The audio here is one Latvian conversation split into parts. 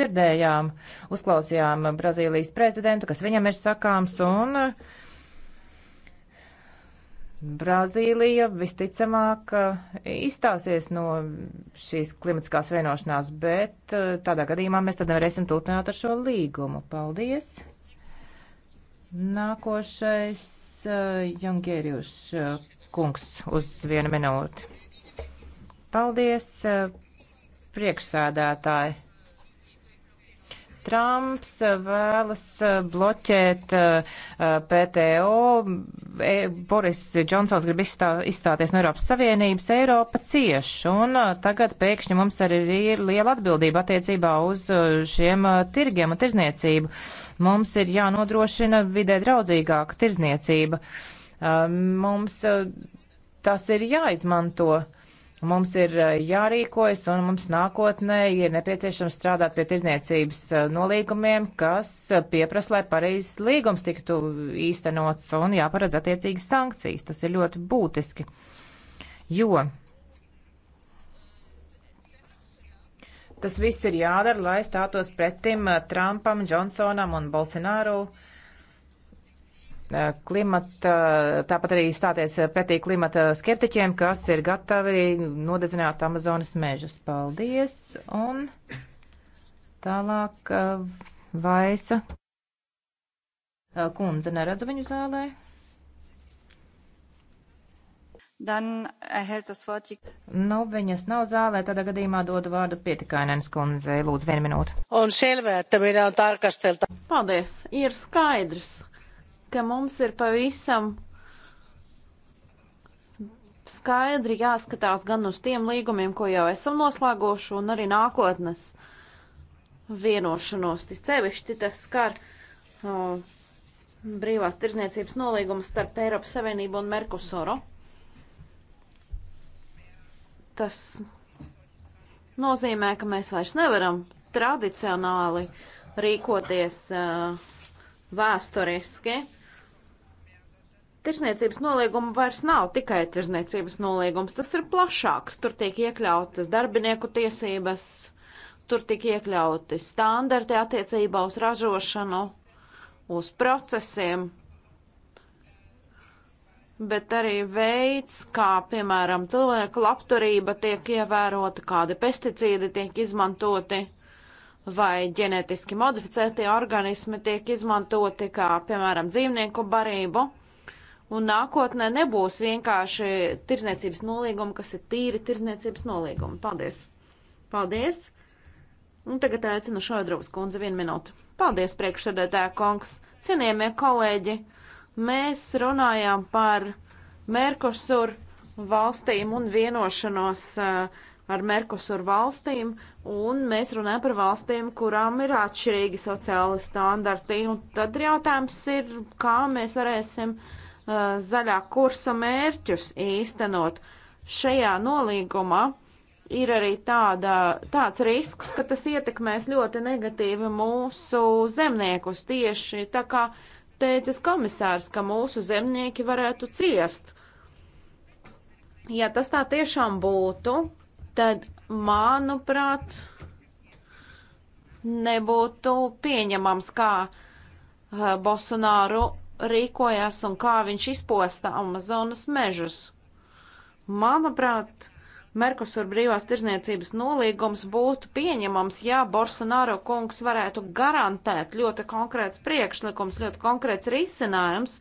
dzirdējām, uzklausījām Brazīlijas prezidentu, kas viņam ir sakāms, un eh, Brazīlija visticamāk eh, izstāsies no šīs klimatiskās vienošanās, bet eh, tādā gadījumā mēs tad nevarēsim turpināt ar šo līgumu. Paldies! Nākošais Jungērius kungs uz vienu minūti. Paldies, priekšsēdētāji! Trumps eh, vēlas eh, bloķēt eh, PTO, e, Boris Džonsons grib izstā, izstāties no Eiropas Savienības, Eiropa cieš, un tagad pēkšņi mums arī ir liela atbildība attiecībā uz šiem tirgiem un tirzniecību. Mums ir jānodrošina vidē draudzīgāka tirzniecība. Mums tas ir jāizmanto. Mums ir eh, jārīkojas un mums nākotnē ir nepieciešams strādāt pie tirzniecības eh, nolīgumiem, kas eh, pieprasa, lai Parīzes līgums tiktu īstenots un jāparedz attiecīgas sankcijas. Tas ir ļoti būtiski, jo tas viss ir jādara, lai stātos pretim Trumpam, Džonsonam un Bolsināru. Uh, klimata, tāpat arī stāties pretī klimata skeptiķiem, kas ir gatavi nodedzināt Amazonas mežus. Paldies! Un tālāk uh, Vaisa uh, kundze neredz viņu zālē. Dan erhält eh, das Wort die... Nu, viņas nav zālē, tādā gadījumā dodu vārdu pietikainens kundzei. Lūdzu, vienu minūtu. Un selvä, että meidän on tarkastelta. Paldies. Ir skaidrs, ka mums ir pavisam skaidri jāskatās gan uz tiem līgumiem, ko jau esam noslēguši, un arī nākotnes vienošanos. Tas cevišķi tas skar uh, brīvās tirzniecības nolīgumus starp Eiropas Savienību un Merkusoru. Tas nozīmē, ka mēs vairs nevaram tradicionāli rīkoties uh, vēsturiski. Tirzniecības nolīguma vairs nav tikai tirzniecības nolīgums, tas ir plašāks. Tur tiek iekļautas darbinieku tiesības, tur tiek iekļauti standarti attiecībā uz ražošanu, uz procesiem, bet arī veids, kā, piemēram, cilvēku labturība tiek ievērota, kādi pesticīdi tiek izmantoti vai ģenētiski modificētie organismi tiek izmantoti, kā, piemēram, dzīvnieku barību. Un nākotnē nebūs vienkārši tirzniecības nolīguma, kas ir tīri tirzniecības nolīguma. Paldies! Paldies! Un tagad aicinu Šodrovas kundze vienu minūtu. Paldies, priekšsēdētāja kungs! Cienījamie kolēģi, mēs runājām par Merkosur valstīm un vienošanos uh, ar Merkosur valstīm, un mēs runājam par valstīm, kurām ir atšķirīgi sociāli standarti. Un tad jautājums ir, kā mēs varēsim uh, Uh, zaļā kursa mērķus īstenot. Šajā nolīgumā ir arī tāda, tāds risks, ka tas ietekmēs ļoti negatīvi mūsu zemniekus. Tieši tā kā teicis komisārs, ka mūsu zemnieki varētu ciest. Ja tas tā tiešām būtu, tad, manuprāt, nebūtu pieņemams, kā uh, Bolsonaro rīkojās un kā viņš izposta Amazonas mežus. Manuprāt, Merkusur brīvās tirzniecības nolīgums būtu pieņemams, ja Bolsonaro kungs varētu garantēt ļoti konkrēts priekšlikums, ļoti konkrēts risinājums,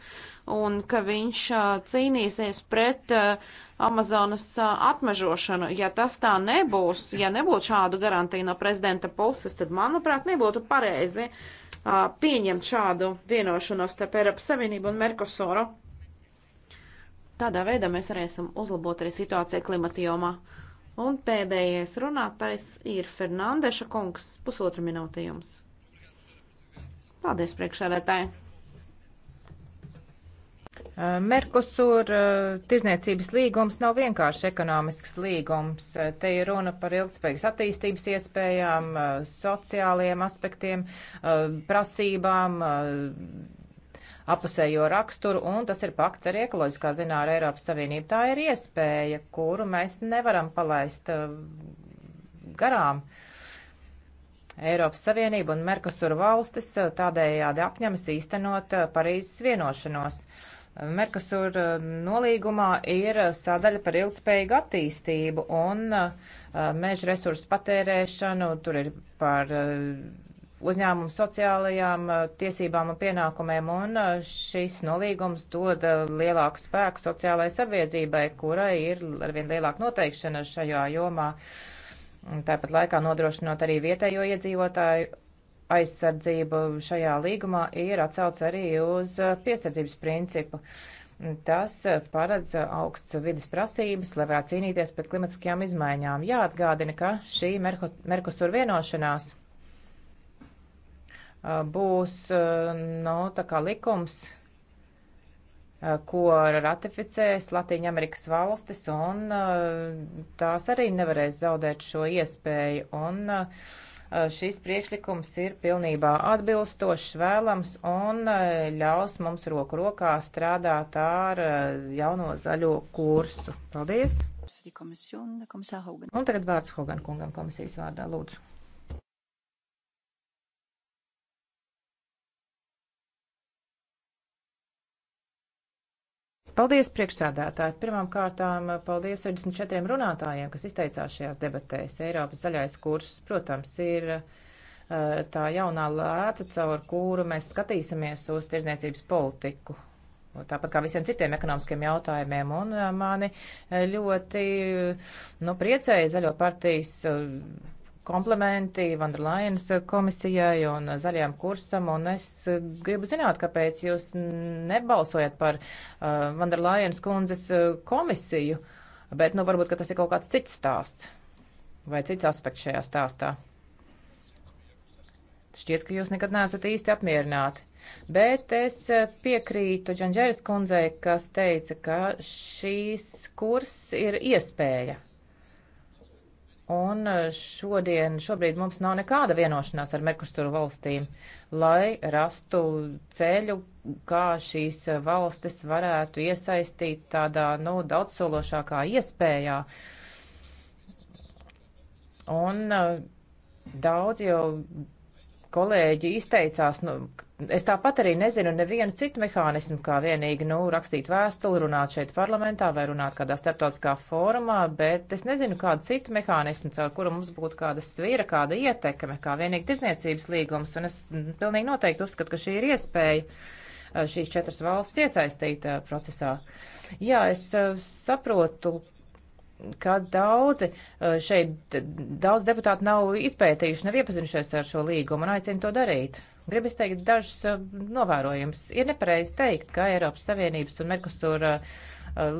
un ka viņš cīnīsies pret Amazonas atmežošanu. Ja tas tā nebūs, ja nebūtu šādu garantiju no prezidenta puses, tad, manuprāt, nebūtu pareizi pieņemt šādu vienošanos starp Eiropas Savienību un Merkosoru. Tādā veidā mēs varēsim uzlabot arī situāciju klimata jomā. Un pēdējais runātais ir Fernandeša kungs, pusotra minūte jums. Paldies, priekšsēdētāji! Merkusur eh, tirzniecības līgums nav vienkārši ekonomisks līgums. Eh, te ir runa par ilgspējīgas attīstības iespējām, eh, sociālajiem aspektiem, prasībām, apusējo raksturu, un tas ir pakts arī ekoloģiskā ziņā ar Eiropas Savienību. Tā ir iespēja, kuru mēs nevaram palaist garām. Eiropas Savienība un Merkusur valstis tādējādi apņemas īstenot Parīzes vienošanos. Uh, Merkusur uh, nolīgumā ir uh, sadaļa par ilgspējīgu attīstību un uh, meža resursu patērēšanu, tur ir par uzņēmumu sociālajām tiesībām un pienākumiem, un šis nolīgums dod lielāku spēku sociālajai sabiedrībai, kurai ir arvien lielāka noteikšana šajā jomā, tāpat laikā nodrošinot arī vietējo iedzīvotāju aizsardzība šajā līgumā ir atsauce arī uz piesardzības principu. Tas paredz augsts vidas prasības, lai varētu cīnīties pret klimatiskajām izmaiņām. Jāatgādina, ka šī Merkusur vienošanās būs nu, tā kā likums, ko ratificēs Latvijas Amerikas valstis, un tās arī nevarēs zaudēt šo iespēju. Un Eh, šis priekšlikums ir pilnībā atbilstošs, vēlams un eh, ļaus mums roku rokā strādāt ar eh, jauno zaļo kursu. Paldies! Un tagad vārds Hogan kungam komisijas vārdā, lūdzu. Paldies, priekšsēdētāji! Pirmām kārtām eh, paldies 64 runātājiem, kas izteicās šajās debatēs. Eiropas zaļais kurs, protams, ir eh, tā jaunā lēca, caur kuru mēs skatīsimies uz tirzniecības politiku. Tāpat kā visiem citiem ekonomiskiem jautājumiem, un eh, mani ļoti nu, priecēja zaļo partijas komplementi Vanderlainas komisijai un zaļajam kursam, un es gribu zināt, kāpēc jūs nebalsojat par uh, Vanderlainas kundzes uh, komisiju, bet, nu, varbūt, ka tas ir kaut kāds cits stāsts vai cits aspekts šajā stāstā. Šķiet, ka jūs nekad neesat īsti apmierināti. Bet es uh, piekrītu Džanģēras kundzei, kas teica, ka šīs kurs ir iespēja Un eh, šodien, šobrīd mums nav nekāda vienošanās ar Merkusturu valstīm, lai rastu ceļu, kā šīs valstis varētu iesaistīt tādā, nu, daudzsološākā iespējā. Un eh, daudz jau kolēģi izteicās, nu, es tāpat arī nezinu nevienu citu mehānismu, kā vienīgi, nu, rakstīt vēstuli, runāt šeit parlamentā vai runāt kādā starptautiskā fórumā, bet es nezinu kādu citu mehānismu, caur kuru mums būtu kāda svīra, kāda ietekme, kā vienīgi tirzniecības līgums, un es pilnīgi noteikti uzskatu, ka šī ir iespēja šīs četras valsts iesaistīt procesā. Jā, es saprotu, ka daudzi eh, šeit, daudz deputāti nav izpētījuši, nav iepazinušies ar šo līgumu un aicinu to darīt. Gribu izteikt dažus eh, novērojumus. Ir nepareizi teikt, ka Eiropas Savienības un Merkusūra eh,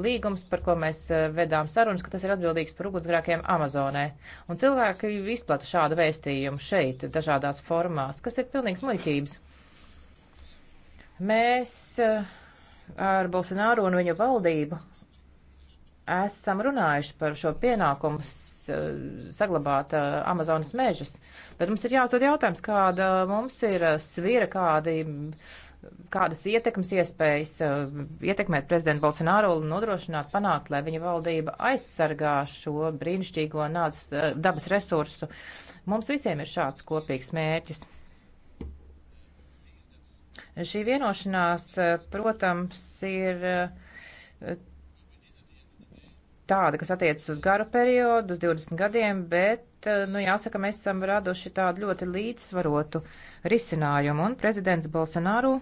līgums, par ko mēs vedām sarunas, ka tas ir atbildīgs par ugunsgrēkiem Amazonē. Un cilvēki izplata šādu vēstījumu šeit, dažādās formās, kas ir pilnīgs muļķības. Mēs ar Bolsonaro un viņa valdību esam runājuši par šo pienākumu eh, saglabāt eh, Amazonas mežus, bet mums ir jāuzdod jautājums, kāda mums ir eh, svira, kādi, kādas ietekmes iespējas ietekmēt prezidentu Bolsonaru un nodrošināt panākt, lai viņa valdība aizsargā šo brīnišķīgo nāzes, dabas resursu. Mums visiem ir šāds kopīgs mērķis. Šī vienošanās, protams, ir tāda, kas attiecas uz garu periodu, uz 20 gadiem, bet, eh, nu, jāsaka, mēs esam raduši tādu ļoti līdzsvarotu risinājumu. Un prezidents Bolsonaro,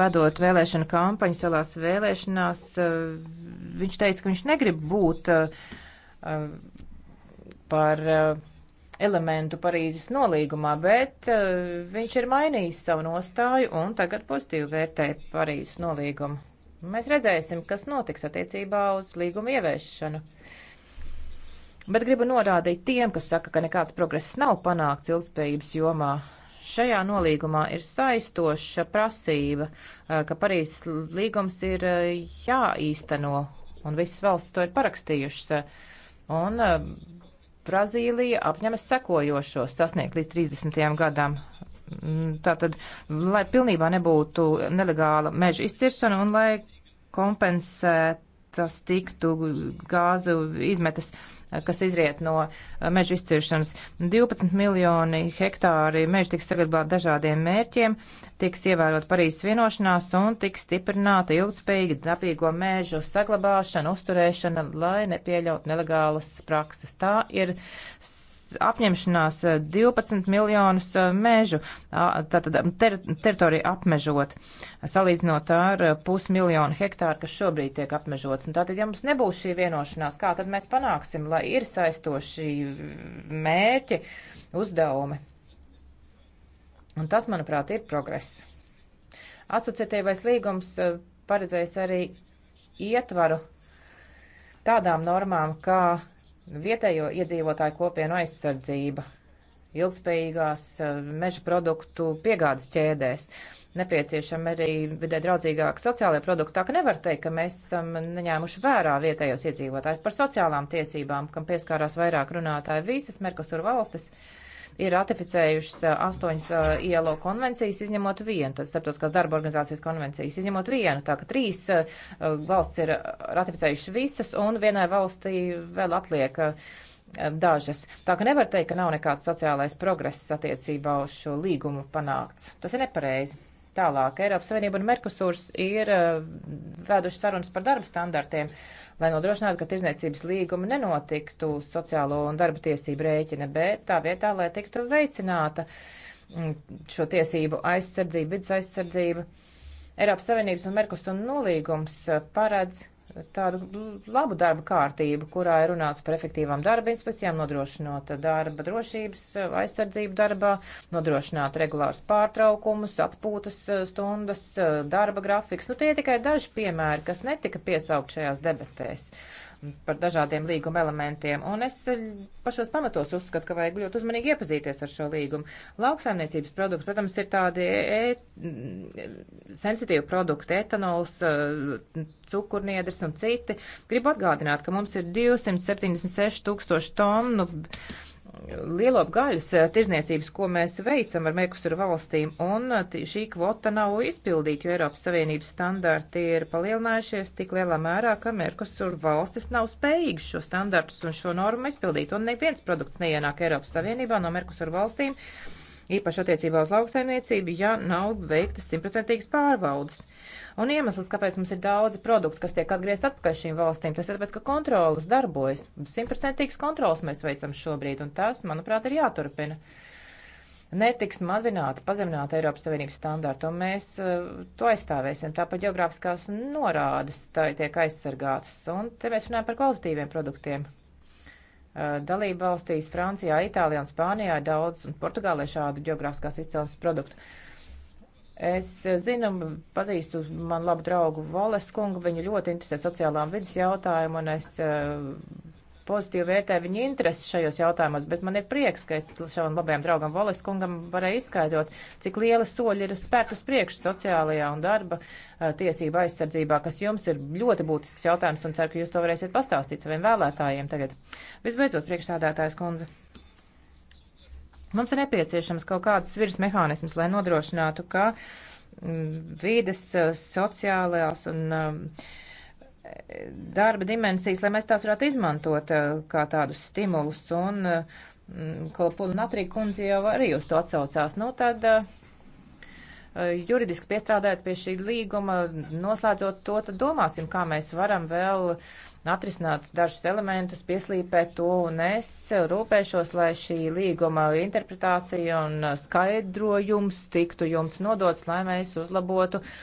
vedot vēlēšanu kampaņu salās vēlēšanās, eh, viņš teica, ka viņš negrib būt eh, par elementu Parīzes nolīgumā, bet uh, viņš ir mainījis savu nostāju un tagad pozitīvi vērtē Parīzes nolīgumu. Mēs redzēsim, kas notiks attiecībā uz līgumu ieviešanu. Bet gribu norādīt tiem, kas saka, ka nekāds progress nav panākts ilgspējības jomā. Šajā nolīgumā ir saistoša prasība, eh, ka Parīzes līgums ir eh, jāīsteno, un visas valsts to ir parakstījušas. Un eh, Brazīlija apņemas sekojošo sasniegt līdz 30. gadam Mm, tātad, lai pilnībā nebūtu nelegāla meža izciršana un lai kompensētas tiktu gāzu izmetas, kas izriet no uh, meža izciršanas. 12 miljoni hektāri meža tiks saglabāti dažādiem mērķiem, tiks ievērot Parīzes vienošanās un tiks stiprināta ilgspējīga dabīgo mežu saglabāšana, uzturēšana, lai nepieļaut nelegālas prakses. Tā ir apņemšanās 12 eh, miljonus eh, mežu, tātad ter, teritoriju apmežot, salīdzinot ar eh, pusmiljonu hektāru, kas šobrīd tiek apmežots. Un tātad, ja mums nebūs šī vienošanās, kā tad mēs panāksim, lai ir saistoši mērķi, uzdevumi? Un tas, manuprāt, ir progress. Asociatīvais līgums paredzējis arī ietvaru tādām normām, kā Vietējo iedzīvotāju kopienu aizsardzība, ilgspējīgās eh, meža produktu piegādes ķēdēs. Nepieciešama arī vidē draudzīgāka sociālajā produktā, ka nevar teikt, ka mēs esam neņēmuši vērā vietējos iedzīvotājus par sociālām tiesībām, kam pieskārās vairāk runātāji visas Merkosur valstis. Uh, ir ratificējušas uh, astoņas uh, ILO konvencijas, izņemot vienu, tad starptautiskās darba organizācijas konvencijas, izņemot vienu. Tā ka trīs uh, valsts ir ratificējušas visas, un vienai valstī vēl atliek dažas. Tā ka nevar teikt, ka nav nekāds sociālais progress attiecībā uz šo līgumu panākts. Tas ir nepareizi tālāk. Eiropas Savienība un Merkusūrs ir eh, veduši sarunas par darba standartiem, lai nodrošinātu, ka tirzniecības līguma nenotiktu sociālo un darba tiesību rēķina, bet tā vietā, lai tiktu veicināta mm, šo tiesību aizsardzība, vidas aizsardzība. Eiropas Savienības un Merkusūra nolīgums eh, paredz tādu labu darba kārtību, kurā ir runāts par efektīvām darba inspekcijām, nodrošinot darba drošības eh, aizsardzību darbā, nodrošināt regulārus pārtraukumus, atpūtas eh, stundas, eh, darba grafiks. Nu, tie ir tikai daži piemēri, kas netika piesaukt šajās debatēs par dažādiem līguma elementiem, un es eh, pašos pamatos uzskatu, ka vajag ļoti uzmanīgi iepazīties ar šo līgumu. Lauksaimniecības produkti, protams, ir tādi e mm, sensitīvi produkti, etanols, eh, cukurniedrs un citi. Gribu atgādināt, ka mums ir 276 tūkstoši tonu lielopu gaļas eh, tirzniecības, ko mēs veicam ar Merkusuru valstīm, un eh, šī kvota nav izpildīta, jo Eiropas Savienības standarti ir palielinājušies tik lielā mērā, ka Merkusuru valstis nav spējīgas šo standartus un šo normu izpildīt, un neviens produkts neienāk Eiropas Savienībā no Merkusuru valstīm īpaši attiecībā uz lauksaimniecību, ja nav veiktas simtprocentīgas pārbaudas. Un iemesls, kāpēc mums ir daudzi produkti, kas tiek atgriezt atpakaļ šīm valstīm, tas ir tāpēc, ka kontrolas darbojas. Simtprocentīgas kontrolas mēs veicam šobrīd, un tas, manuprāt, ir jāturpina netiks mazināta, pazemināta Eiropas Savienības standārta, un mēs uh, to aizstāvēsim. Tāpat geogrāfiskās norādes tā tiek aizsargātas, un te mēs runājam par kvalitatīviem produktiem dalību valstīs, Francijā, Itālijā un Spānijā ir daudz, un Portugālē šādu geogrāfiskās izcelsmes produktu. Es zinu, pazīstu manu labu draugu Voles kungu, viņu ļoti interesē sociālām vidas jautājumu, un es pozitīvi vērtēju viņa interesi šajos jautājumos, bet man ir prieks, ka es šavam labajam draugam Volis kungam varēju izskaidrot, cik liela soļa ir spērt uz priekšu sociālajā un darba tiesība aizsardzībā, kas jums ir ļoti būtisks jautājums un ceru, ka jūs to varēsiet pastāstīt saviem vēlētājiem tagad. Visbeidzot, priekšstādātājs kundze. Mums ir nepieciešams kaut kāds virs mehānisms, lai nodrošinātu, ka mm, vides sociālās un uh, darba dimensijas, lai mēs tās varētu izmantot eh, kā tādus stimulus. Un mm, Kolopula Natrī kundze jau arī uz to atsaucās. Nu, tad eh, juridiski piestrādājot pie šī līguma, noslēdzot to, tad domāsim, kā mēs varam vēl atrisināt dažus elementus, pieslīpēt to, un es rūpēšos, lai šī līguma interpretācija un skaidrojums tiktu jums nodots, lai mēs uzlabotu uh,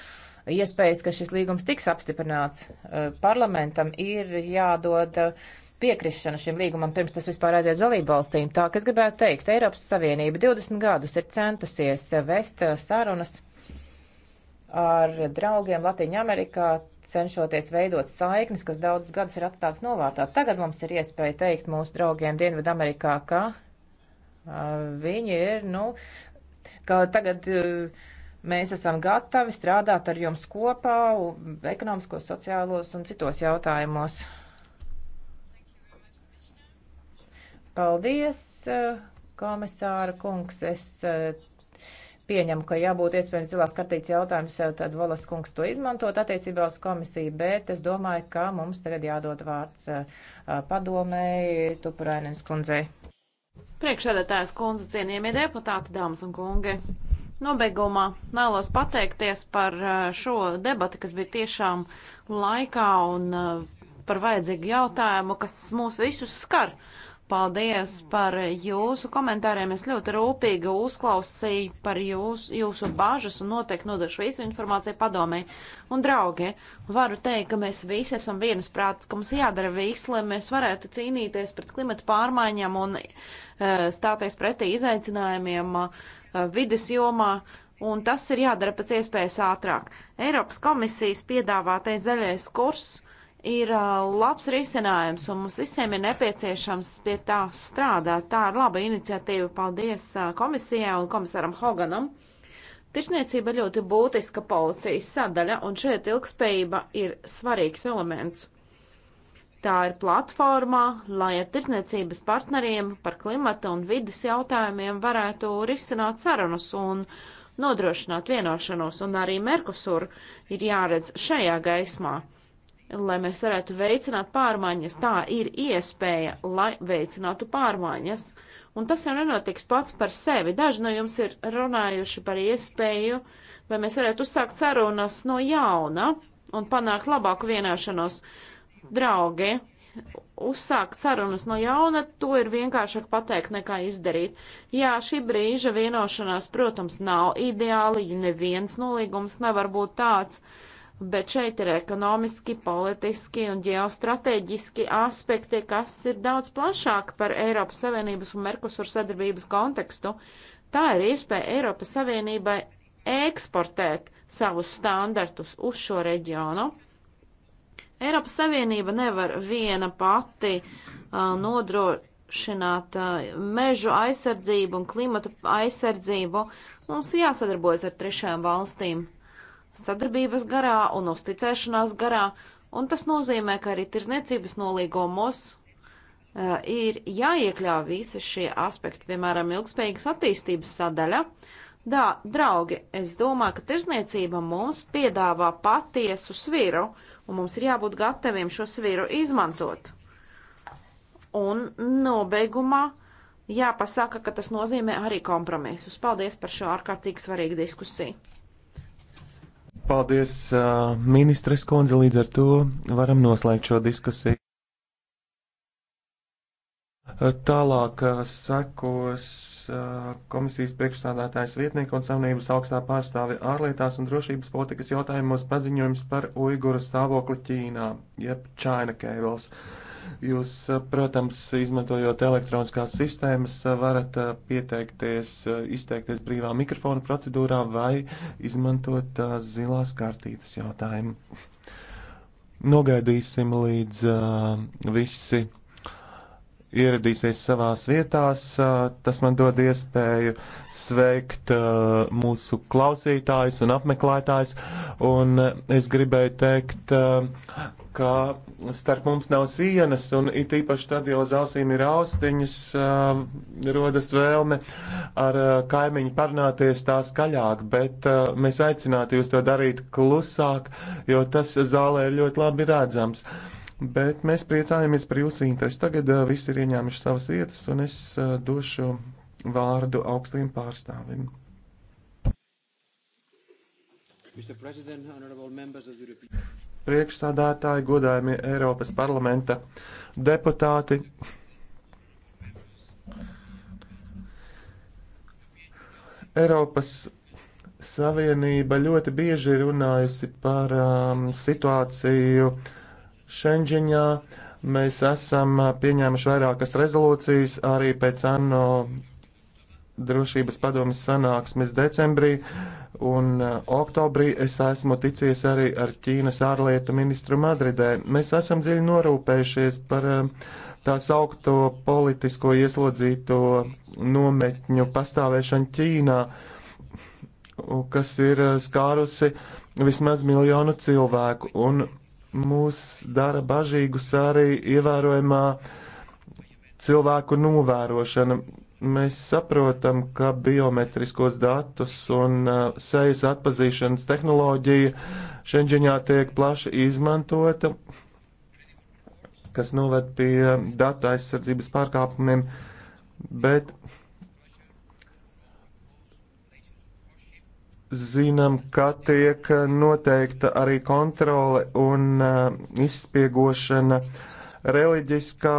iespējas, ka šis līgums tiks apstiprināts. Eh, parlamentam ir jādod eh, piekrišana šim līgumam, pirms tas vispār aiziet dalību valstīm. Tā, kas gribētu teikt, Eiropas Savienība 20 gadus ir centusies eh, vest sarunas ar draugiem Latīņa Amerikā, cenšoties veidot saiknes, kas daudzus gadus ir atstātas novārtā. Tagad mums ir iespēja teikt mūsu draugiem Dienvidu Amerikā, ka uh, viņi ir, nu, ka tagad. Uh, Mēs esam gatavi strādāt ar jums kopā ekonomiskos, sociālos un citos jautājumos. Paldies, e, komisāra kungs. Es e, pieņemu, ka jābūt iespējams zilās kartītes jautājums, e, tad Volas kungs to izmantot attiecībā uz komisiju, bet es domāju, ka mums tagad jādod vārds padomēji Tupurainens kundzei. Priekšsēdētājs kundze, cienījamie deputāti, dāmas un kungi. Nobeigumā vēlos pateikties par eh, šo debati, kas bija tiešām laikā un eh, par vajadzīgu jautājumu, kas mūs visus skar. Paldies par jūsu komentāriem. Es ļoti rūpīgi uzklausīju par jūs, jūsu bāžas un noteikti nodošu visu informāciju padomē. Un, draugi, varu teikt, ka mēs visi esam vienas prātas, ka mums jādara viss, lai mēs varētu cīnīties pret klimatu pārmaiņām un uh, stāties pretī izaicinājumiem. Uh, Uh, vides jomā, un tas ir jādara pēc iespējas ātrāk. Eiropas komisijas piedāvātais zaļais kurs ir uh, labs risinājums, un mums visiem ir nepieciešams pie tā strādāt. Tā ir laba iniciatīva. Paldies uh, komisijai un komisaram Hoganam. Tirsniecība ļoti būtiska policijas sadaļa, un šeit ilgspējība ir svarīgs elements. Tā ir platformā, lai ar tirsniecības partneriem par klimata un vidas jautājumiem varētu risināt sarunas un nodrošināt vienošanos, un arī Merkusur ir jāredz šajā gaismā, lai mēs varētu veicināt pārmaiņas. Tā ir iespēja, lai veicinātu pārmaiņas, un tas jau nenotiks pats par sevi. Daži no jums ir runājuši par iespēju, vai mēs varētu uzsākt sarunas no jauna un panākt labāku vienošanos. Uh, Draugi, uzsākt sarunas no jauna, to ir vienkāršāk pateikt nekā izdarīt. Jā, šī brīža vienošanās, protams, nav ideāli, jo neviens nolīgums nevar būt tāds, bet šeit ir ekonomiski, politiski un ģeostrateģiski aspekti, kas ir daudz plašāk par Eiropas Savienības un Merkusur sadarbības kontekstu. Tā ir iespēja Eiropas Savienībai eksportēt savus standartus uz šo reģionu. Eiropas Savienība nevar viena pati uh, nodrošināt uh, mežu aizsardzību un klimata aizsardzību. Mums jāsadarbojas ar trešajām valstīm sadarbības garā un uzticēšanās garā, un tas nozīmē, ka arī tirzniecības nolīgumos uh, ir jāiekļāv visi šie aspekti, piemēram, ilgspējīgas attīstības sadaļa. Uh, Dā, draugi, es domāju, ka tirzniecība mums piedāvā patiesu sviru, un mums ir jābūt gataviem šo sviru izmantot. Un nobeigumā jāpasaka, ka tas nozīmē arī kompromisus. Paldies par šo ārkārtīgi svarīgu diskusiju. Paldies, ministres kundze, līdz ar to varam noslēgt šo diskusiju. Tālāk uh, sekos uh, komisijas priekšsādātājs vietnieka un savienības augstā pārstāve ārlietās un drošības politikas jautājumos paziņojums par Uiguru stāvokli Ķīnā, jeb China Cables. Jūs, uh, protams, izmantojot elektroniskās sistēmas, varat pieteikties, izteikties brīvā mikrofona procedūrā vai izmantot zilās kartītes jautājumu. Nogaidīsim līdz uh, visi ieradīsies savās vietās. Tas man dod iespēju sveikt mūsu klausītājus un apmeklētājus. Un es gribēju teikt, ka starp mums nav sienas, un it īpaši tad, ja uz ausīm ir austiņas, rodas vēlme ar kaimiņu parunāties tā skaļāk, bet mēs aicinātu jūs to darīt klusāk, jo tas zālē ir ļoti labi redzams. Uh, Bet mēs priecājamies par jūsu interesi. Tagad uh, visi ir ieņēmuši savas vietas, un es uh, došu vārdu augstiem pārstāvim. Priekšsādātāji, godājumie Eiropas parlamenta deputāti. Eiropas Savienība ļoti bieži ir runājusi par um, situāciju uh, Šenģiņā mēs esam pieņēmuši vairākas rezolūcijas arī pēc ANO drošības padomjas sanāksmes decembrī un uh, oktobrī es esmu ticies arī ar Ķīnas ārlietu ministru Madridē. Mēs esam dziļi norūpējušies par uh, tā saukto politisko ieslodzīto nometņu pastāvēšanu Ķīnā, kas ir uh, skārusi vismaz miljonu cilvēku. Un mūs dara bažīgus arī ievērojamā cilvēku novērošana. Mēs saprotam, ka biometriskos datus un uh, sejas atpazīšanas tehnoloģija Šenģiņā tiek plaši izmantota, kas noved pie datu aizsardzības pārkāpumiem, bet uh, zinām, ka tiek noteikta arī kontrole un uh, izspiegošana reliģiskā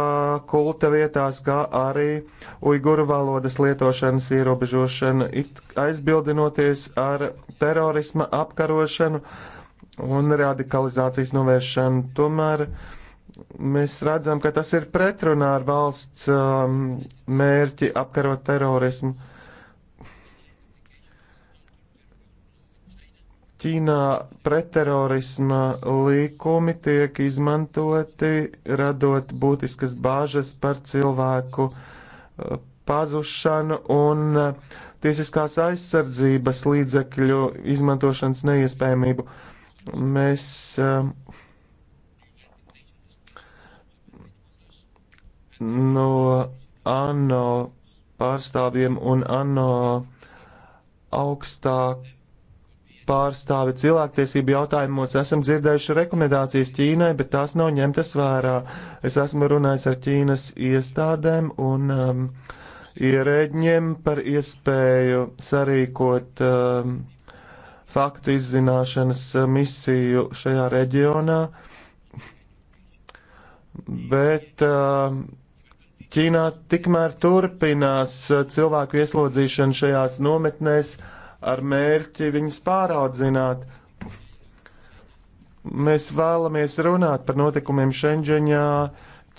kulta vietās, kā arī uiguru valodas lietošanas ierobežošana, aizbildinoties ar terorisma apkarošanu un radikalizācijas novēršanu. Tomēr mēs redzam, ka tas ir pretrunā ar valsts um, mērķi apkarot terorismu. Ķīnā pretterorisma līkumi tiek izmantoti, radot būtiskas bāžas par cilvēku eh, pazušanu un eh, tiesiskās aizsardzības līdzekļu izmantošanas neiespējamību. Mēs eh, no ANO pārstāvjiem un ANO augstāk pārstāvi cilvēktiesību jautājumos esam dzirdējuši rekomendācijas Ķīnai, bet tās nav ņemtas vērā. Es esmu runājis ar Ķīnas iestādēm un um, ierēģiem par iespēju sarīkot um, faktu izzināšanas uh, misiju šajā reģionā, bet um, Ķīnā tikmēr turpinās uh, cilvēku ieslodzīšana šajās nometnēs ar mērķi viņus pāraudzināt. Mēs vēlamies runāt par notikumiem Šenģeņā,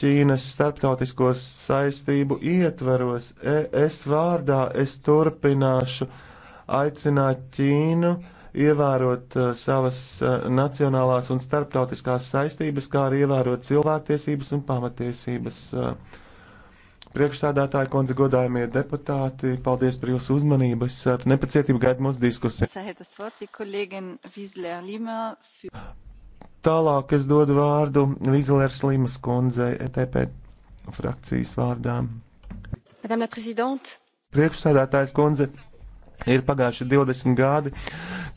Ķīnas starptautisko saistību ietveros. E, es vārdā es turpināšu aicināt Ķīnu ievērot uh, savas uh, nacionālās un starptautiskās saistības, kā arī ievērot cilvēktiesības un pamatiesības. Uh, Priekšstādātāji, kundze, godājumie deputāti, paldies par jūsu uzmanību. Es ar nepacietību gaidu mūsu diskusiju. Tālāk es dodu vārdu Vizlers Limas kundzei ETP frakcijas vārdām. Priekšstādātājs kundze, ir pagājuši 20 gadi,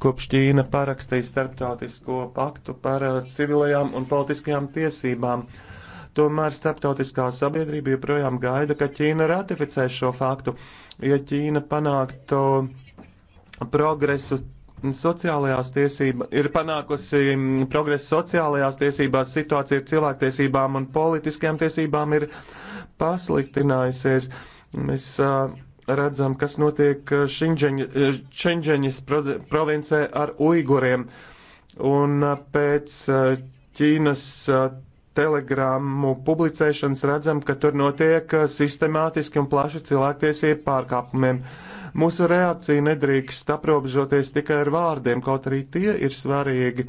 kopš Ķīna parakstīja starptautisko paktu par civilajām un politiskajām tiesībām. Uh, Tomēr starptautiskā sabiedrība joprojām gaida, ka Ķīna ratificēs šo faktu. Ja Ķīna panāktu progresu sociālajās tiesībās, ir panākusi mm, progresu sociālajās tiesībās, situācija ar cilvēktiesībām un politiskajām tiesībām ir pasliktinājusies. Mēs uh, redzam, kas notiek Šenģeņas provincē ar Uiguriem. Un pēc Ķīnas telegrammu publicēšanas redzam, ka tur notiek eh, sistemātiski un plaši cilvēktiesību pārkāpumiem. Mūsu reakcija nedrīkst aprobežoties tikai ar vārdiem, kaut arī tie ir svarīgi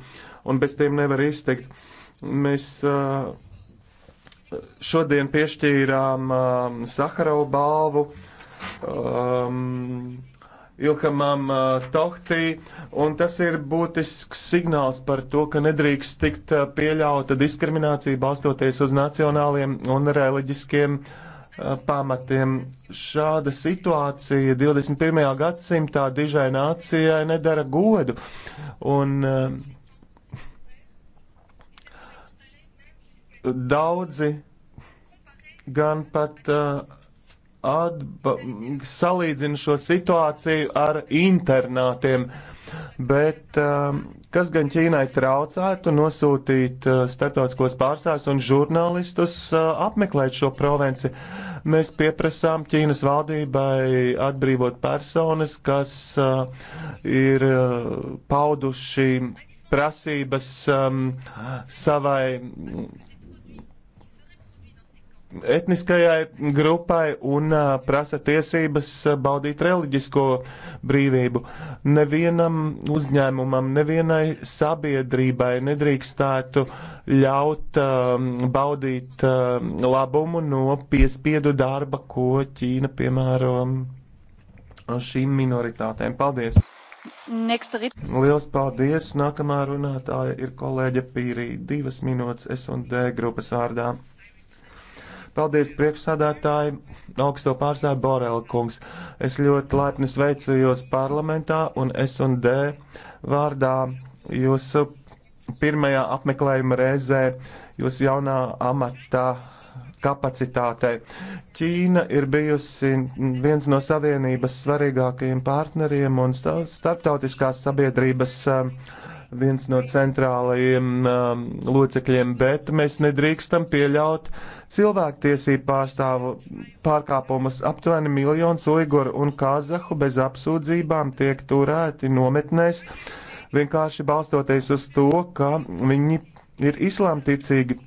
un bez tiem nevar iztikt. Mēs eh, šodien piešķīrām eh, Saharau balvu. Um, Ilhamam uh, Tohtī, un tas ir būtisks signāls par to, ka nedrīkst tikt uh, pieļauta diskriminācija balstoties uz nacionāliem un reliģiskiem uh, pamatiem. Šāda situācija 21. gadsimtā dižai nācijai nedara godu, un uh, daudzi gan pat uh, atba, salīdzina šo situāciju ar internātiem. Bet um, kas gan Ķīnai traucētu nosūtīt uh, starptautiskos pārstāvjus un žurnālistus uh, apmeklēt šo provinci? Mēs pieprasām Ķīnas valdībai atbrīvot personas, kas uh, ir pauduši prasības um, savai etniskajai grupai un uh, prasa tiesības uh, baudīt reliģisko brīvību. Nevienam uzņēmumam, nevienai sabiedrībai nedrīkstētu ļaut uh, baudīt uh, labumu no piespiedu darba, ko Ķīna piemēro šīm minoritātēm. Paldies! Lielas paldies! Nākamā runātāja ir kolēģe Pīrī, divas minūtes S un D grupas vārdā. Paldies priekšsādātāji, augsto pārstāvu Borela kungs. Es ļoti laipni sveicu jūs parlamentā un S&D vārdā jūsu pirmajā apmeklējuma reizē jūsu jaunā amatā kapacitātei. Ķīna ir bijusi viens no savienības svarīgākajiem partneriem un starptautiskās sabiedrības uh, viens no centrālajiem um, locekļiem, bet mēs nedrīkstam pieļaut cilvēktiesību pārstāvu pārkāpumus. Aptuveni miljons uiguru un kazahu bez apsūdzībām tiek turēti nometnēs, vienkārši balstoties uz to, ka viņi ir islāmticīgi.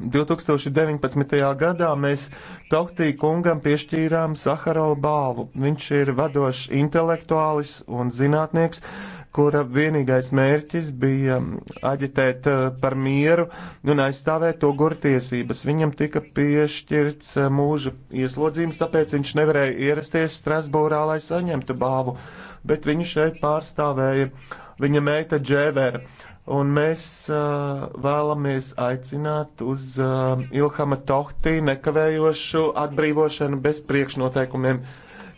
2019. gadā mēs Tohtī kungam piešķīrām Saharovu balvu. Viņš ir vadošs intelektuālis un zinātnieks, kura vienīgais mērķis bija aģitēt eh, par mieru un aizstāvēt to gurtiesības. Viņam tika piešķirts eh, mūža ieslodzījums, tāpēc viņš nevarēja ierasties Strasbūrā, lai saņemtu bāvu, bet viņu šeit pārstāvēja viņa meita Džēvera. Un mēs uh, vēlamies aicināt uz uh, Ilhama Tohtī nekavējošu atbrīvošanu bez priekšnoteikumiem. Uh,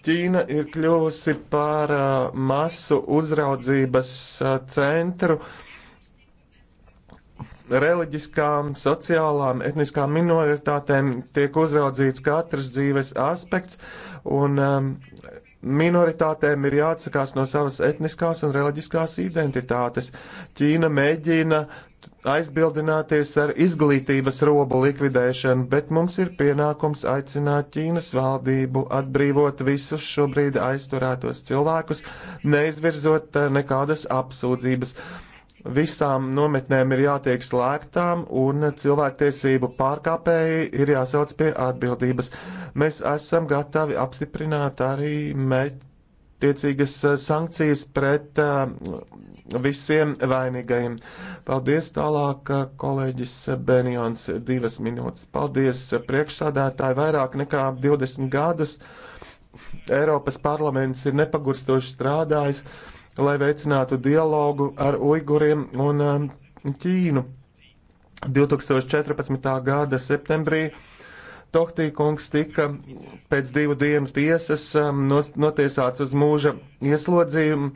Ķīna ir kļuvusi par masu uzraudzības centru reliģiskām, sociālām, etniskām minoritātēm tiek uzraudzīts katrs dzīves aspekts, un um, minoritātēm ir jāatsakās no savas etniskās un reliģiskās identitātes. Ķīna mēģina uh, aizbildināties ar izglītības robu likvidēšanu, bet mums ir pienākums aicināt Ķīnas valdību atbrīvot visus šobrīd aizturētos cilvēkus, neizvirzot eh, nekādas apsūdzības. Visām nometnēm ir jātiek slēgtām un cilvēktiesību pārkāpēji ir jāsauc pie atbildības. Mēs esam gatavi apstiprināt arī mērķtiecīgas eh, sankcijas pret uh, visiem vainīgajiem. Paldies tālāk, kolēģis Benjons, divas minūtes. Paldies priekšsādātāji vairāk nekā 20 gadus. Eiropas parlaments ir nepagurstoši strādājis, lai veicinātu dialogu ar Uiguriem un um, Ķīnu. 2014. gada septembrī Tohtī kungs tika pēc divu dienu tiesas um, notiesāts uz mūža ieslodzījumu,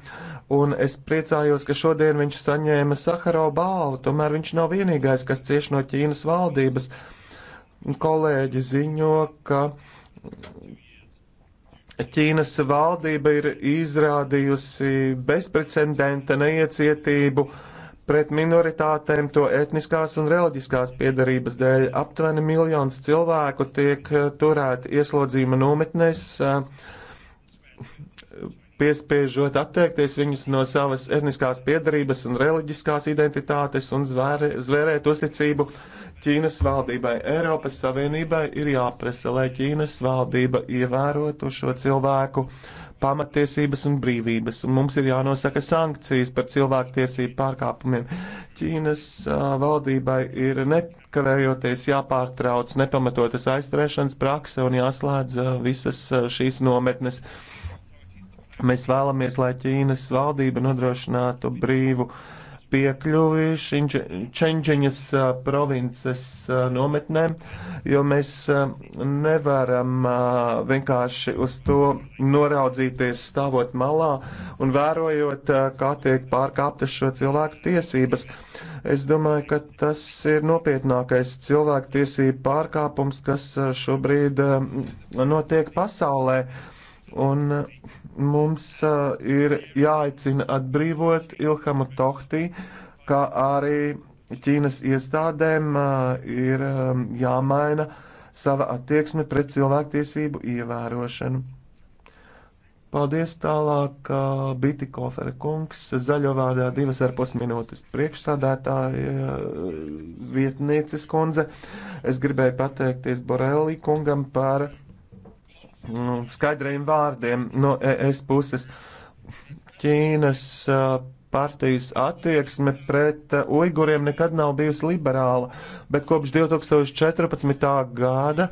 un es priecājos, ka šodien viņš saņēma Sakaro balvu, tomēr viņš nav vienīgais, kas cieš no Ķīnas valdības. Kolēģi ziņo, ka Ķīnas valdība ir izrādījusi bezprecedenta neiecietību uh, pret minoritātēm to etniskās un reliģiskās piedarības dēļ. Aptuveni miljons cilvēku tiek eh, turēti ieslodzījuma nometnēs, eh, piespiežot atteikties viņus no savas etniskās piedarības un reliģiskās identitātes un zvēre, zvērēt uzticību Ķīnas valdībai. Eiropas Savienībai ir jāpresa, lai Ķīnas valdība ievērotu šo cilvēku uh, pamatiesības un brīvības, un mums ir jānosaka sankcijas par cilvēktiesību pārkāpumiem. Ķīnas uh, valdībai ir nekavējoties jāpārtrauc nepamatotas aizturēšanas prakse un jāslēdz uh, visas uh, šīs nometnes. Mēs vēlamies, lai Ķīnas valdība nodrošinātu brīvu uh, piekļuvi Čenģeņas uh, provinces uh, nometnēm, jo mēs uh, nevaram vienkārši uz to noraudzīties stāvot malā un vērojot, kā tiek pārkāptas šo cilvēku tiesības. Es domāju, ka tas ir nopietnākais cilvēku tiesību pārkāpums, kas šobrīd notiek pasaulē. Un eh, mums uh, ir jāicina atbrīvot Ilhamu Tohtī, kā arī Ķīnas iestādēm uh, ir um, jāmaina sava attieksme pret cilvēktiesību ievērošanu. Paldies tālāk, uh, Bitikofera kungs, zaļo vārdā divas ar pus minūtes priekšsādātāja vietnieces kundze. Es gribēju pateikties Borelī kungam par nu, skaidriem vārdiem no ES puses. Ķīnas partijas attieksme pret uiguriem nekad nav bijusi liberāla, bet kopš 2014. gada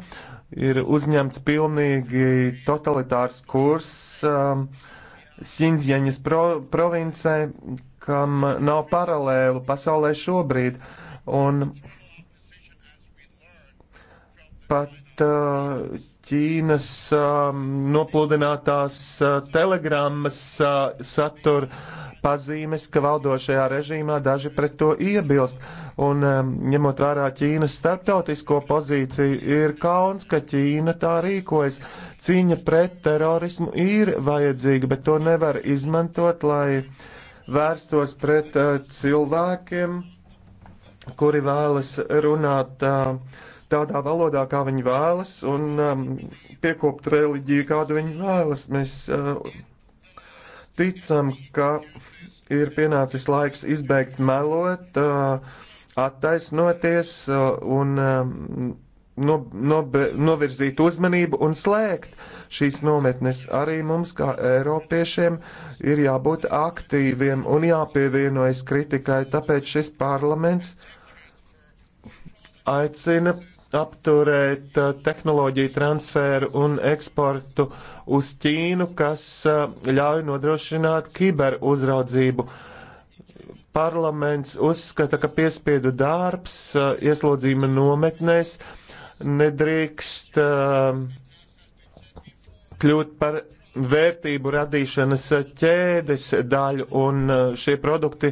ir uzņemts pilnīgi totalitārs kurs um, Sinzjaņas pro, provincē, kam nav paralēlu pasaulē šobrīd. Un pat uh, Ķīnas um, nopludinātās uh, telegrammas uh, satura pazīmes, ka valdošajā režīmā daži pret to iebilst. Un um, ņemot vērā Ķīnas starptautisko pozīciju, ir kauns, ka Ķīna tā rīkojas. Cīņa pret terorismu ir vajadzīga, bet to nevar izmantot, lai vērstos pret uh, cilvēkiem, kuri vēlas runāt. Uh, tādā valodā, kā viņi vēlas, un um, piekopt reliģiju, kādu viņi vēlas. Mēs uh, ticam, ka ir pienācis laiks izbeigt melot, uh, attaisnoties uh, un um, no, no, novirzīt uzmanību un slēgt šīs nometnes. Arī mums, kā Eiropiešiem, ir jābūt aktīviem un jāpievienojas kritikai, tāpēc šis parlaments aicina apturēt eh, tehnoloģiju transferu un eksportu uz Ķīnu, kas eh, ļauj nodrošināt kiberuzraudzību. Parlaments uzskata, ka piespiedu darbs eh, ieslodzījuma nometnēs nedrīkst kļūt par vērtību radīšanas ķēdes daļu, un e, šie produkti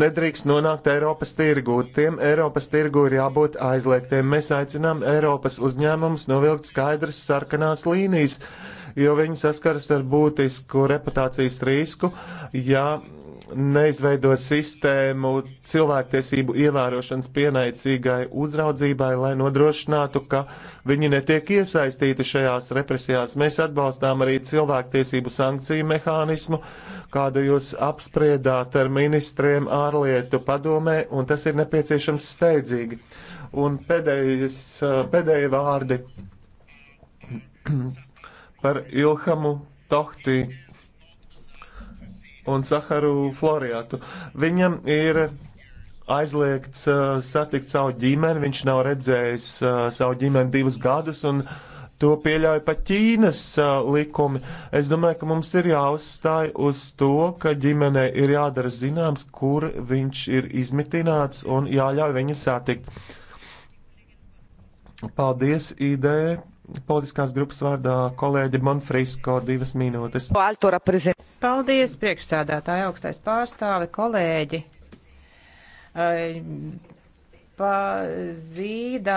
nedrīkst nonākt Eiropas tirgū. Tiem Eiropas tirgū ir jābūt aizliegtiem. Mēs aicinām Eiropas uzņēmumus novilkt skaidras sarkanās līnijas, jo viņi saskaras ar būtisku reputācijas risku, ja neizveido sistēmu cilvēktiesību ievērošanas pienaicīgai uzraudzībai, lai nodrošinātu, ka viņi netiek iesaistīti šajās represijās. Mēs atbalstām arī cilvēktiesību sankciju mehānismu, kādu jūs apspriedāt ar ministriem ārlietu padomē, un tas ir nepieciešams steidzīgi. Un pēdējais, pēdējie vārdi par Ilhamu Tohti un Saharu Floriatu. Viņam ir aizliegts uh, satikt savu ģimeni, viņš nav redzējis uh, savu ģimeni divus gadus, un to pieļauj pat Ķīnas uh, likumi. Es domāju, ka mums ir jāuzstāj uz to, ka ģimenei ir jādara zināms, kur viņš ir izmitināts, un jāļauj viņu satikt. Paldies, ideja politiskās grupas vārdā kolēģi Manfrisko divas minūtes. Paldies, priekšsēdētāji, augstais pārstāve, kolēģi. Pazīda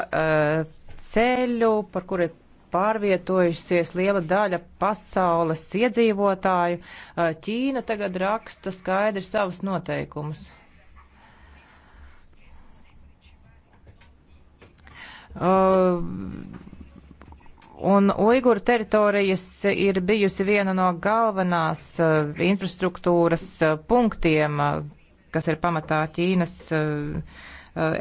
ceļu, par kuru ir pārvietojusies liela daļa pasaules iedzīvotāju, Ķīna tagad raksta skaidri savus noteikumus. Uh, Un Uiguru teritorijas ir bijusi viena no galvenās uh, infrastruktūras uh, punktiem, uh, kas ir pamatā Ķīnas uh,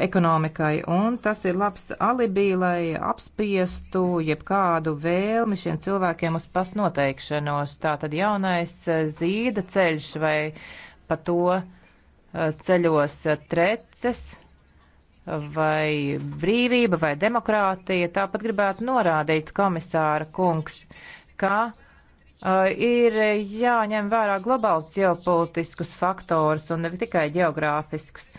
ekonomikai, un tas ir labs alibi, lai apspiestu jebkādu vēlmi šiem cilvēkiem uz pasnoteikšanos. Tā tad jaunais zīda ceļš vai pa to ceļos treces, vai brīvība vai demokrātija. Tāpat gribētu norādīt komisāra kungs, ka uh, ir jāņem vērā globāls ģeopolitiskus faktors un ne tikai geogrāfiskus.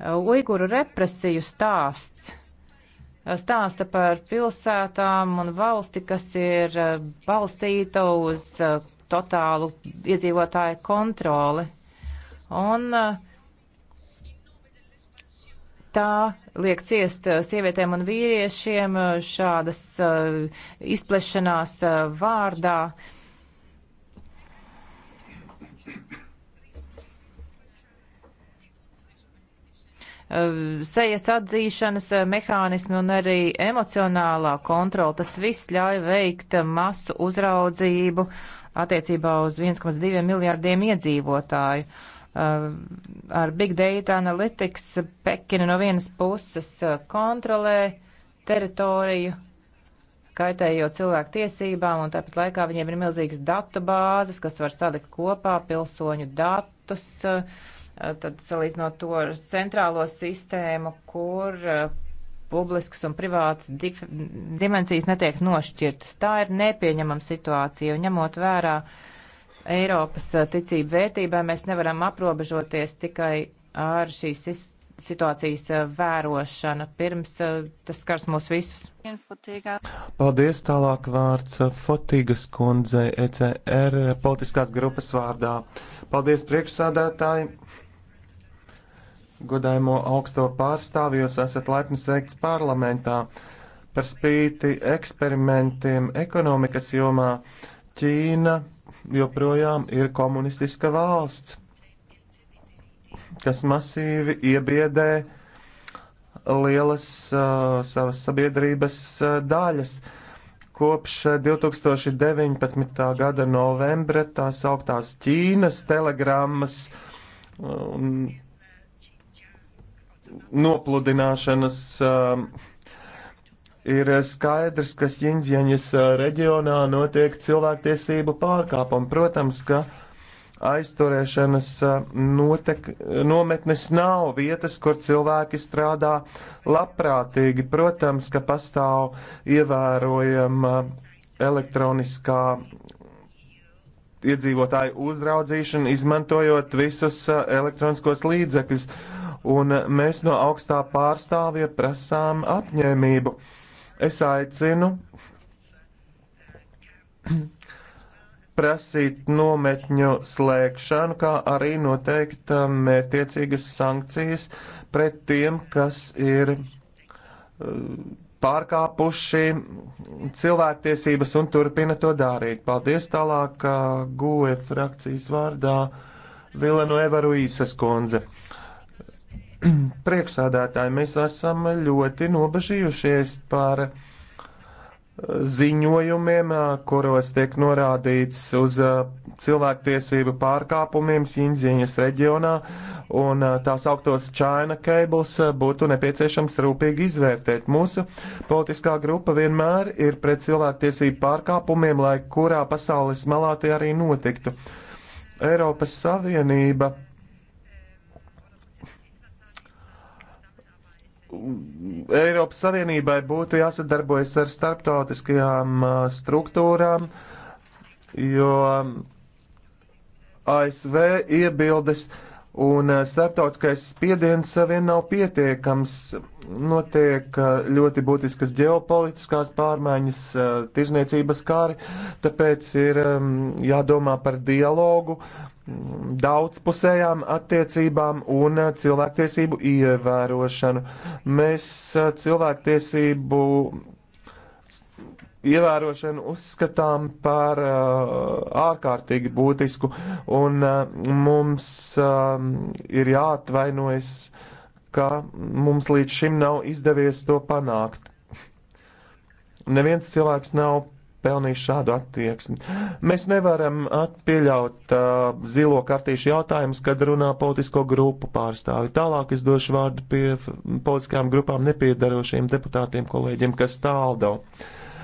Uh, Uiguru represiju stāsts uh, stāsta par pilsētām un valsti, kas ir uh, balstīta uz uh, totālu iedzīvotāju kontroli. Un uh, tā liek ciest uh, sievietēm un vīriešiem uh, šādas uh, izplešanās vārdā. Sejas atzīšanas mehānismi un arī emocionālā kontrola, tas viss ļauj veikt masu uzraudzību attiecībā uz 1,2 miljārdiem iedzīvotāju. Uh, ar Big Data Analytics Pekina no vienas puses uh, kontrolē teritoriju, kaitējot cilvēku tiesībām, un tāpat laikā viņiem ir milzīgas datu bāzes, kas var salikt kopā pilsoņu datus, uh, tad salīdzinot to ar centrālo sistēmu, kur uh, publisks un privāts dimensijas netiek nošķirtas. Tā ir nepieņemama situācija, un ņemot vērā uh, Eiropas eh, ticību vērtībā mēs nevaram aprobežoties tikai ar šīs situācijas eh, vērošanu, pirms eh, tas skars mūs visus. Paldies, tālāk vārds Fotīgas kundze ECR politiskās grupas vārdā. Paldies priekšsādātāji, godājumo augsto pārstāvi, jūs esat laipni sveikts parlamentā. Par spīti eksperimentiem ekonomikas jomā Ķīna joprojām ir komunistiska valsts, kas masīvi iebiedē lielas uh, savas sabiedrības uh, daļas. Kopš 2019. Uh, gada novembra tās augtās Ķīnas telegrammas um, nopludināšanas um, uh, Ir eh, skaidrs, ka Šķiņģiņas eh, reģionā notiek cilvēktiesību pārkāpumi. Protams, ka aizturēšanas eh, notek, nometnes nav vietas, kur cilvēki strādā labprātīgi. Protams, ka pastāv ievērojama elektroniskā iedzīvotāju uzraudzīšanu, izmantojot visus elektroniskos līdzekļus. Un mēs no augstā pārstāvja prasām apņēmību Es aicinu prasīt nometņu slēgšanu, kā arī noteikt uh, mērķiecīgas sankcijas pret tiem, kas ir uh, pārkāpuši cilvēktiesības un turpina to darīt. Paldies tālāk uh, GUE frakcijas vārdā Vilenu Evaru Īses kundze. Priekšsādātāji, mēs esam ļoti nobežījušies par eh, ziņojumiem, eh, kuros tiek norādīts uz eh, cilvēktiesību pārkāpumiem Sīņģiņas reģionā, un tās augtos China cables būtu nepieciešams rūpīgi izvērtēt. Mūsu politiskā grupa vienmēr ir pret cilvēktiesību pārkāpumiem, lai kurā pasaules malā tie arī notiktu. Eiropas Savienība Eiropas Savienībai būtu jāsadarbojas ar starptautiskajām uh, struktūrām, jo um, ASV iebildes uh, Un eh, starptautiskais spiediens eh, vien nav pietiekams. Notiek eh, ļoti būtiskas ģeopolitiskās pārmaiņas, tirzniecības kāri, tāpēc ir ehm, jādomā par dialogu, mm, daudzpusējām attiecībām un cilvēktiesību ievērošanu. Mēs cilvēktiesību ievērošanu uzskatām par uh, ārkārtīgi būtisku, un uh, mums uh, ir jāatvainojas, ka mums līdz šim nav izdevies to panākt. Neviens cilvēks nav pelnījis šādu attieksmi. Mēs nevaram pieļaut uh, zilo kartīšu jautājumus, kad runā politisko grupu pārstāvi. Tālāk es došu vārdu pie politiskām grupām nepiedarošiem deputātiem, kolēģiem, kas tāldo. Uh,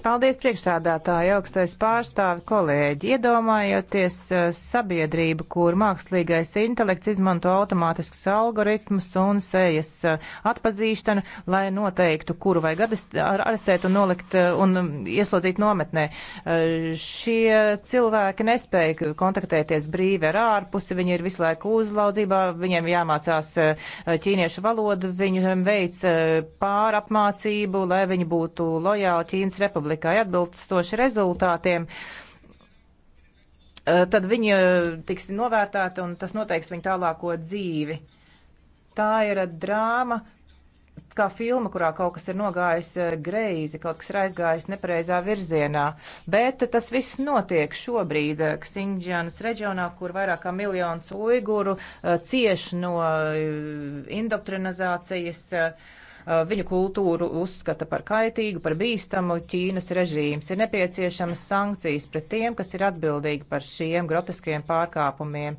Paldies priekšsādātāji, augstais pārstāvi, kolēģi. Iedomājoties eh, sabiedrību, kur mākslīgais intelekts izmanto automātiskus algoritmus un sejas eh, atpazīšanu, lai noteiktu, kuru vajag arestēt un nolikt eh, un um, ieslodzīt nometnē. Šie cilvēki nespēja kontaktēties brīvi ar ārpusi, viņi ir visu laiku uzlaudzībā, viņiem jāmācās ķīniešu valodu, viņiem veic pārapmācību, lai viņi būtu lojāli Ķīnas republikai republikai atbilstoši rezultātiem, eh, tad viņi eh, tiks novērtēti un tas noteiks viņu tālāko dzīvi. Tā ir drāma, kā filma, kurā kaut kas ir nogājis eh, greizi, kaut kas ir aizgājis nepareizā virzienā. Bet tas viss notiek šobrīd Ksinģianas reģionā, kur vairāk kā miljons uiguru cieš no indoktrinizācijas. Uh, Eh, viņu kultūru uzskata par kaitīgu, par bīstamu. Ķīnas režīms ir nepieciešamas sankcijas pret tiem, kas ir atbildīgi par šiem groteskiem pārkāpumiem.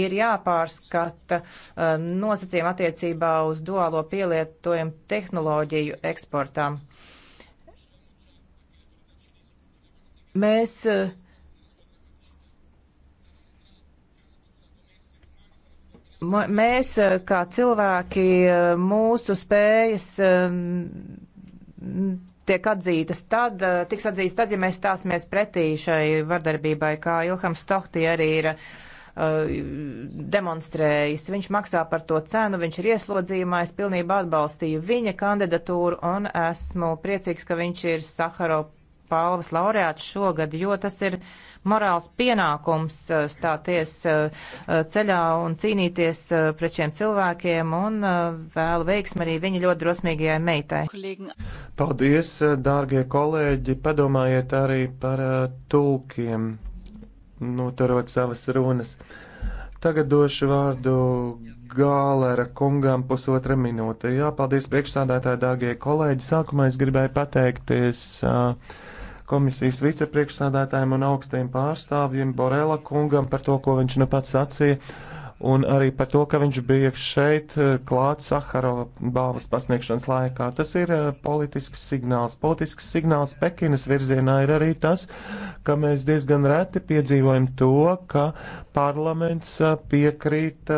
Ir jāpārskata eh, nosacījumi attiecībā uz duālo pielietojumu tehnoloģiju eksportam. Mēs uh, Mēs, eh, kā cilvēki, eh, mūsu spējas eh, tiek atzītas tad, tiks atzītas tad, ja mēs stāsimies pretī šai vardarbībai, kā Ilhams Tohti arī ir demonstrējis. Viņš maksā par to cenu, viņš ir ieslodzījumā, es pilnībā atbalstīju viņa kandidatūru un esmu priecīgs, ka viņš ir Saharo palvas laureāts šogad, jo tas ir uh, morāls pienākums eh, stāties eh, eh, ceļā un cīnīties pret šiem cilvēkiem un vēlu veiksmi arī viņa ļoti drosmīgajai meitai. Paldies, dārgie kolēģi, padomājiet arī par tulkiem, noturot nu, savas runas. Tagad došu vārdu Gālera kungam pusotra minūte. Jā, paldies priekšstādātāji, dārgie kolēģi. Sākumā es gribēju pateikties. Uh, komisijas vicepriekšsādātājiem un augstiem pārstāvjiem Borela kungam par to, ko viņš nu pats sacīja, un arī par to, ka viņš bija šeit eh, klāt Saharova balvas pasniegšanas laikā. Tas ir eh, politisks signāls. Politisks signāls Pekinas virzienā ir arī tas, ka mēs diezgan reti piedzīvojam to, ka parlaments eh, piekrīt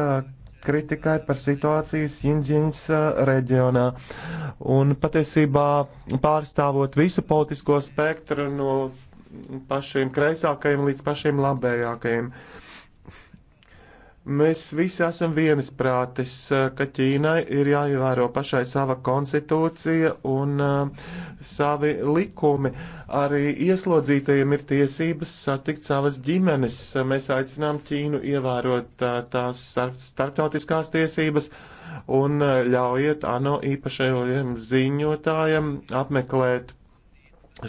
kritikai par situāciju Sinziņas uh, reģionā. Un patiesībā pārstāvot visu politisko spektru no pašiem kreisākajiem līdz pašiem labējākajiem. Uh, Mēs visi esam vienisprātis, eh, ka Ķīnai ir jāievēro pašai sava konstitūcija un uh, savi likumi. Arī ieslodzītajiem ir tiesības satikt savas ģimenes. Mēs aicinām Ķīnu ievērot uh, tās starp, starptautiskās tiesības un uh, ļaujiet ANO īpašajiem ziņotājiem apmeklēt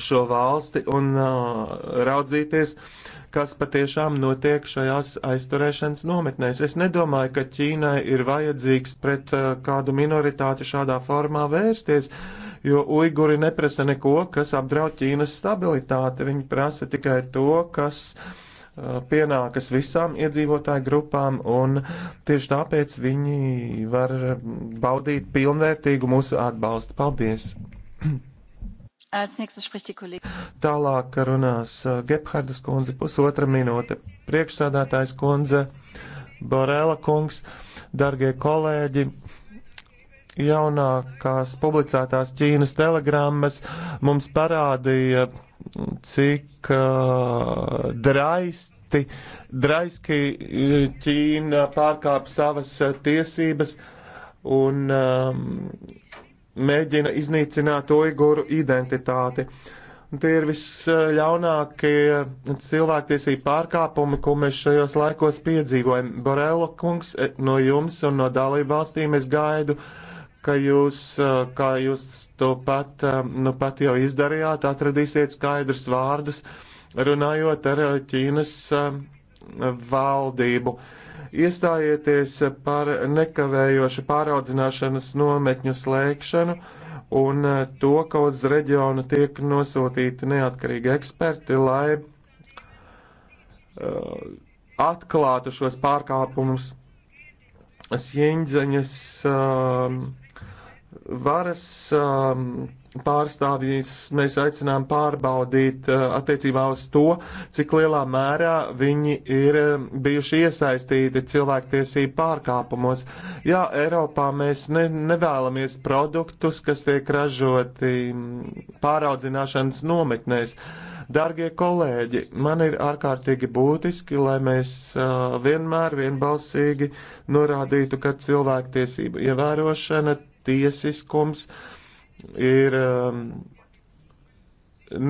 šo valsti un uh, raudzīties. Uh, kas patiešām notiek šajās aizturēšanas nometnēs. Es nedomāju, ka Ķīnai ir vajadzīgs pret uh, kādu minoritāti šādā formā vērsties, jo uiguri neprasa neko, kas apdraud Ķīnas stabilitāti. Viņi prasa tikai to, kas uh, pienākas visām iedzīvotāju grupām, un tieši tāpēc viņi var baudīt pilnvērtīgu mūsu atbalstu. Paldies! Tālāk runās uh, Gebhardas kundze pusotra minūte. Priekšsādātājs kundze, Borela kungs, dargie kolēģi, jaunākās publicētās Ķīnas telegrammas mums parādīja, cik uh, draisti, draiski uh, Ķīna pārkāp savas uh, tiesības un um, mēģina iznīcināt uiguru identitāti. Tie ir visļaunākie cilvēktiesību pārkāpumi, ko mēs šajos laikos piedzīvojam. Borelo kungs, eh, no jums un no dalību valstīm es gaidu, ka jūs, eh, kā jūs to pat, eh, nu, pat jau izdarījāt, atradīsiet skaidrus vārdus, runājot ar Ķīnas valdību. Uh, Iestājieties par nekavējošu pāraudzināšanas nometņu slēgšanu un eh, to, ka uz reģionu tiek nosūtīti neatkarīgi eksperti, lai uh, atklātu šos pārkāpumus. Sieņdzeņas uh, ehm, varas uh, pārstāvjus mēs aicinām pārbaudīt eh, attiecībā uz to, cik lielā mērā viņi ir eh, bijuši iesaistīti cilvēktiesību pārkāpumos. Jā, Eiropā mēs ne, nevēlamies produktus, kas tiek ražoti mm, pāraudzināšanas nometnēs. Dargie kolēģi, man ir ārkārtīgi būtiski, lai mēs uh, vienmēr vienbalsīgi norādītu, ka cilvēktiesība ievērošana, tiesiskums, uh, ir um,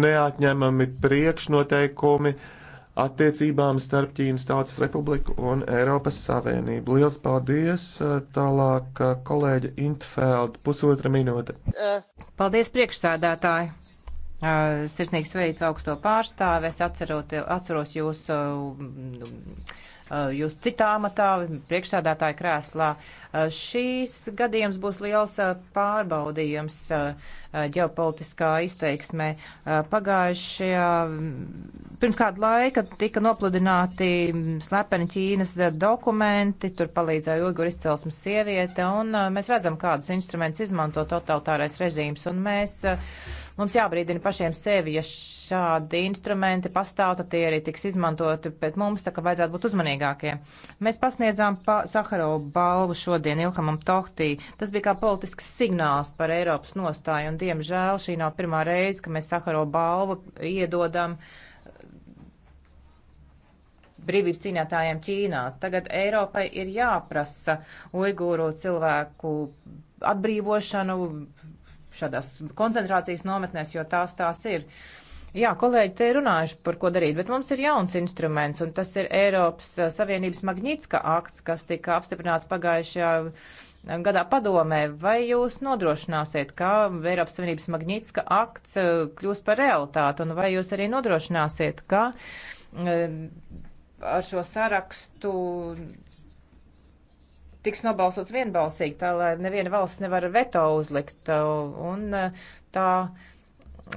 neatņemami priekšnoteikumi attiecībām starp Ķīnas Tautas Republiku un Eiropas Savienību. Liels paldies! Uh, tālāk uh, kolēģa Intfeld, pusotra minūte. Paldies priekšsēdētāji! Uh, sirsnīgi sveicu augsto pārstāvi. Es atcerot, atceros jūsu Uh, jūs citā amatā, priekšsādātāja krēslā. Uh, šīs gadījums būs liels uh, pārbaudījums ģeopolitiskā izteiksmē. Pagājušajā, mm, pirms kādu laika tika nopludināti mm, slepeni Ķīnas dokumenti, tur palīdzēja Uigur izcelsmes sieviete, un mēs redzam, kādus instrumentus izmanto totalitārais režīms, un mēs, mums jābrīdina pašiem sevi, ja šādi instrumenti pastāv, tad tie arī tiks izmantoti, bet mums tā kā vajadzētu būt uzmanīgākiem. Mēs pasniedzām pa Saharovu balvu šodien Ilhamam Tohtī. Tas bija kā politisks signāls par Eiropas nostāju, un diemžēl šī nav pirmā reize, ka mēs Saharovu balvu iedodam brīvības cīnītājiem Ķīnā. Tagad Eiropai ir jāprasa uigūru cilvēku atbrīvošanu šādās koncentrācijas nometnēs, jo tās tās ir. Uh, Jā, kolēģi te runājuši par ko darīt, bet mums ir jauns instruments, un tas ir Eiropas eh, Savienības Magnitska akts, kas tika apstiprināts pagājušajā eh, gadā padomē. Vai jūs nodrošināsiet, ka Eiropas Savienības Magnitska akts eh, kļūs par realitāti, un vai jūs arī nodrošināsiet, ka ar šo sarakstu tiks nobalsots vienbalsīgi, tā lai neviena valsts nevar veto uzlikt, un tā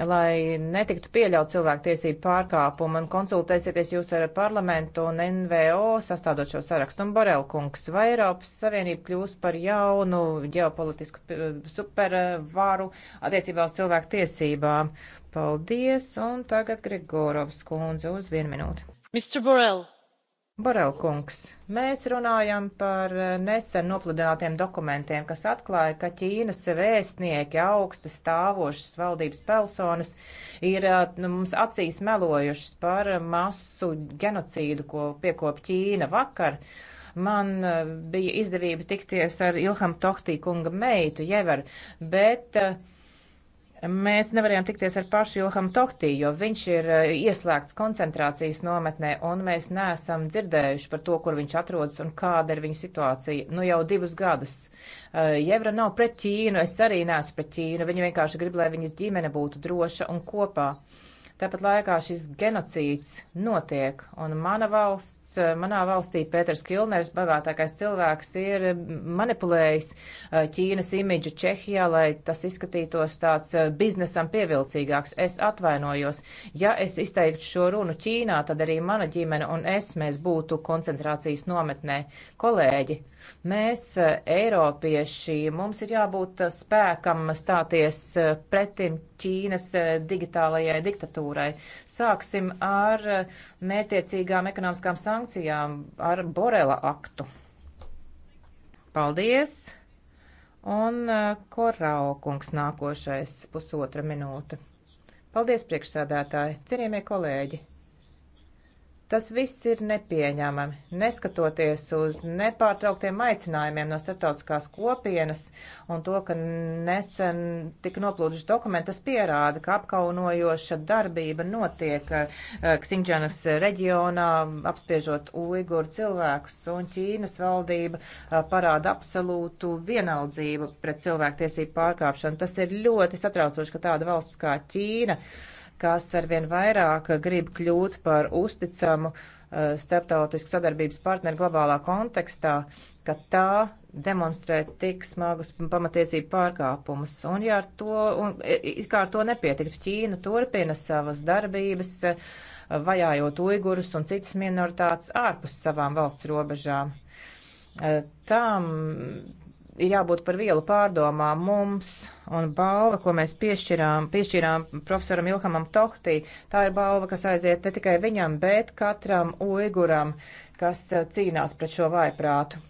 lai netiktu pieļaut cilvēktiesību pārkāpumu un konsultēsieties jūs ar parlamentu un NVO sastādot šo sarakstu. Un Borelkungs, vai Eiropas Savienība kļūs par jaunu ģeopolitisku eh, supervaru attiecībā uz cilvēktiesībām? Paldies, un tagad Grigorovs kundze uz vienu minūti. Mr. Borel. Borelkungs, mēs runājam par eh, nesen nopludinātiem dokumentiem, kas atklāja, ka Ķīnas vēstnieki, augstas stāvošas valdības personas ir eh, nu, mums acīs melojušas par masu genocīdu, ko piekop Ķīna vakar. Man eh, bija izdevība tikties ar Ilham Tohtī kunga meitu Jever, bet uh, Mēs nevarējām tikties ar pašu Ilham Tohtī, jo viņš ir eh, ieslēgts koncentrācijas nometnē, un mēs neesam dzirdējuši par to, kur viņš atrodas un kāda ir viņa situācija. Nu jau divus gadus. Eh, Jevra nav pret Ķīnu, es arī neesmu pret Ķīnu. Viņa vienkārši grib, lai viņas ģimene būtu droša un kopā. Uh, Tāpat laikā šis genocīds notiek, un mana valsts, eh, manā valstī Pēters Kilners, bagātākais cilvēks, ir manipulējis eh, Ķīnas imidžu Čehijā, lai tas izskatītos tāds eh, biznesam pievilcīgāks. Es atvainojos, ja es izteiktu šo runu Ķīnā, tad arī mana ģimene un es mēs būtu koncentrācijas nometnē. Kolēģi! Mēs, eh, Eiropieši, mums ir jābūt eh, spēkam stāties eh, pretim Ķīnas digitālajai diktatūrai. Sāksim ar mērtiecīgām ekonomiskām sankcijām, ar Borela aktu. Paldies! Un Korau kungs nākošais pusotra minūte. Paldies, priekšsēdētāji, cienījamie kolēģi! Tas viss ir nepieņemami, neskatoties uz nepārtrauktiem aicinājumiem no starptautiskās kopienas un to, ka nesen tika noplūduši dokumenti, tas pierāda, ka apkaunojoša darbība notiek Ksinģanas eh, reģionā, apspiežot uiguru cilvēkus, un Ķīnas valdība eh, parāda absolūtu vienaldzību pret cilvēktiesību pārkāpšanu. Tas ir ļoti satraucoši, ka tāda valsts kā Ķīna. Uh, kas arvien vairāk grib kļūt par uzticamu eh, starptautisku sadarbības partneri globālā kontekstā, ka tā demonstrē tik smagus pamatiesību pārkāpumus. Un, ja ar to, un, kā ar to nepietiktu, Ķīna turpina savas darbības, eh, vajājot uigurus un citas minoritātes ārpus savām valsts robežām. Eh, Tām ir jābūt par vielu pārdomām mums, un balva, ko mēs piešķirām, piešķirām profesoram Ilhamam Tohtī, tā ir balva, kas aiziet ne tikai viņam, bet katram uiguram, kas eh, cīnās pret šo vaiprātu.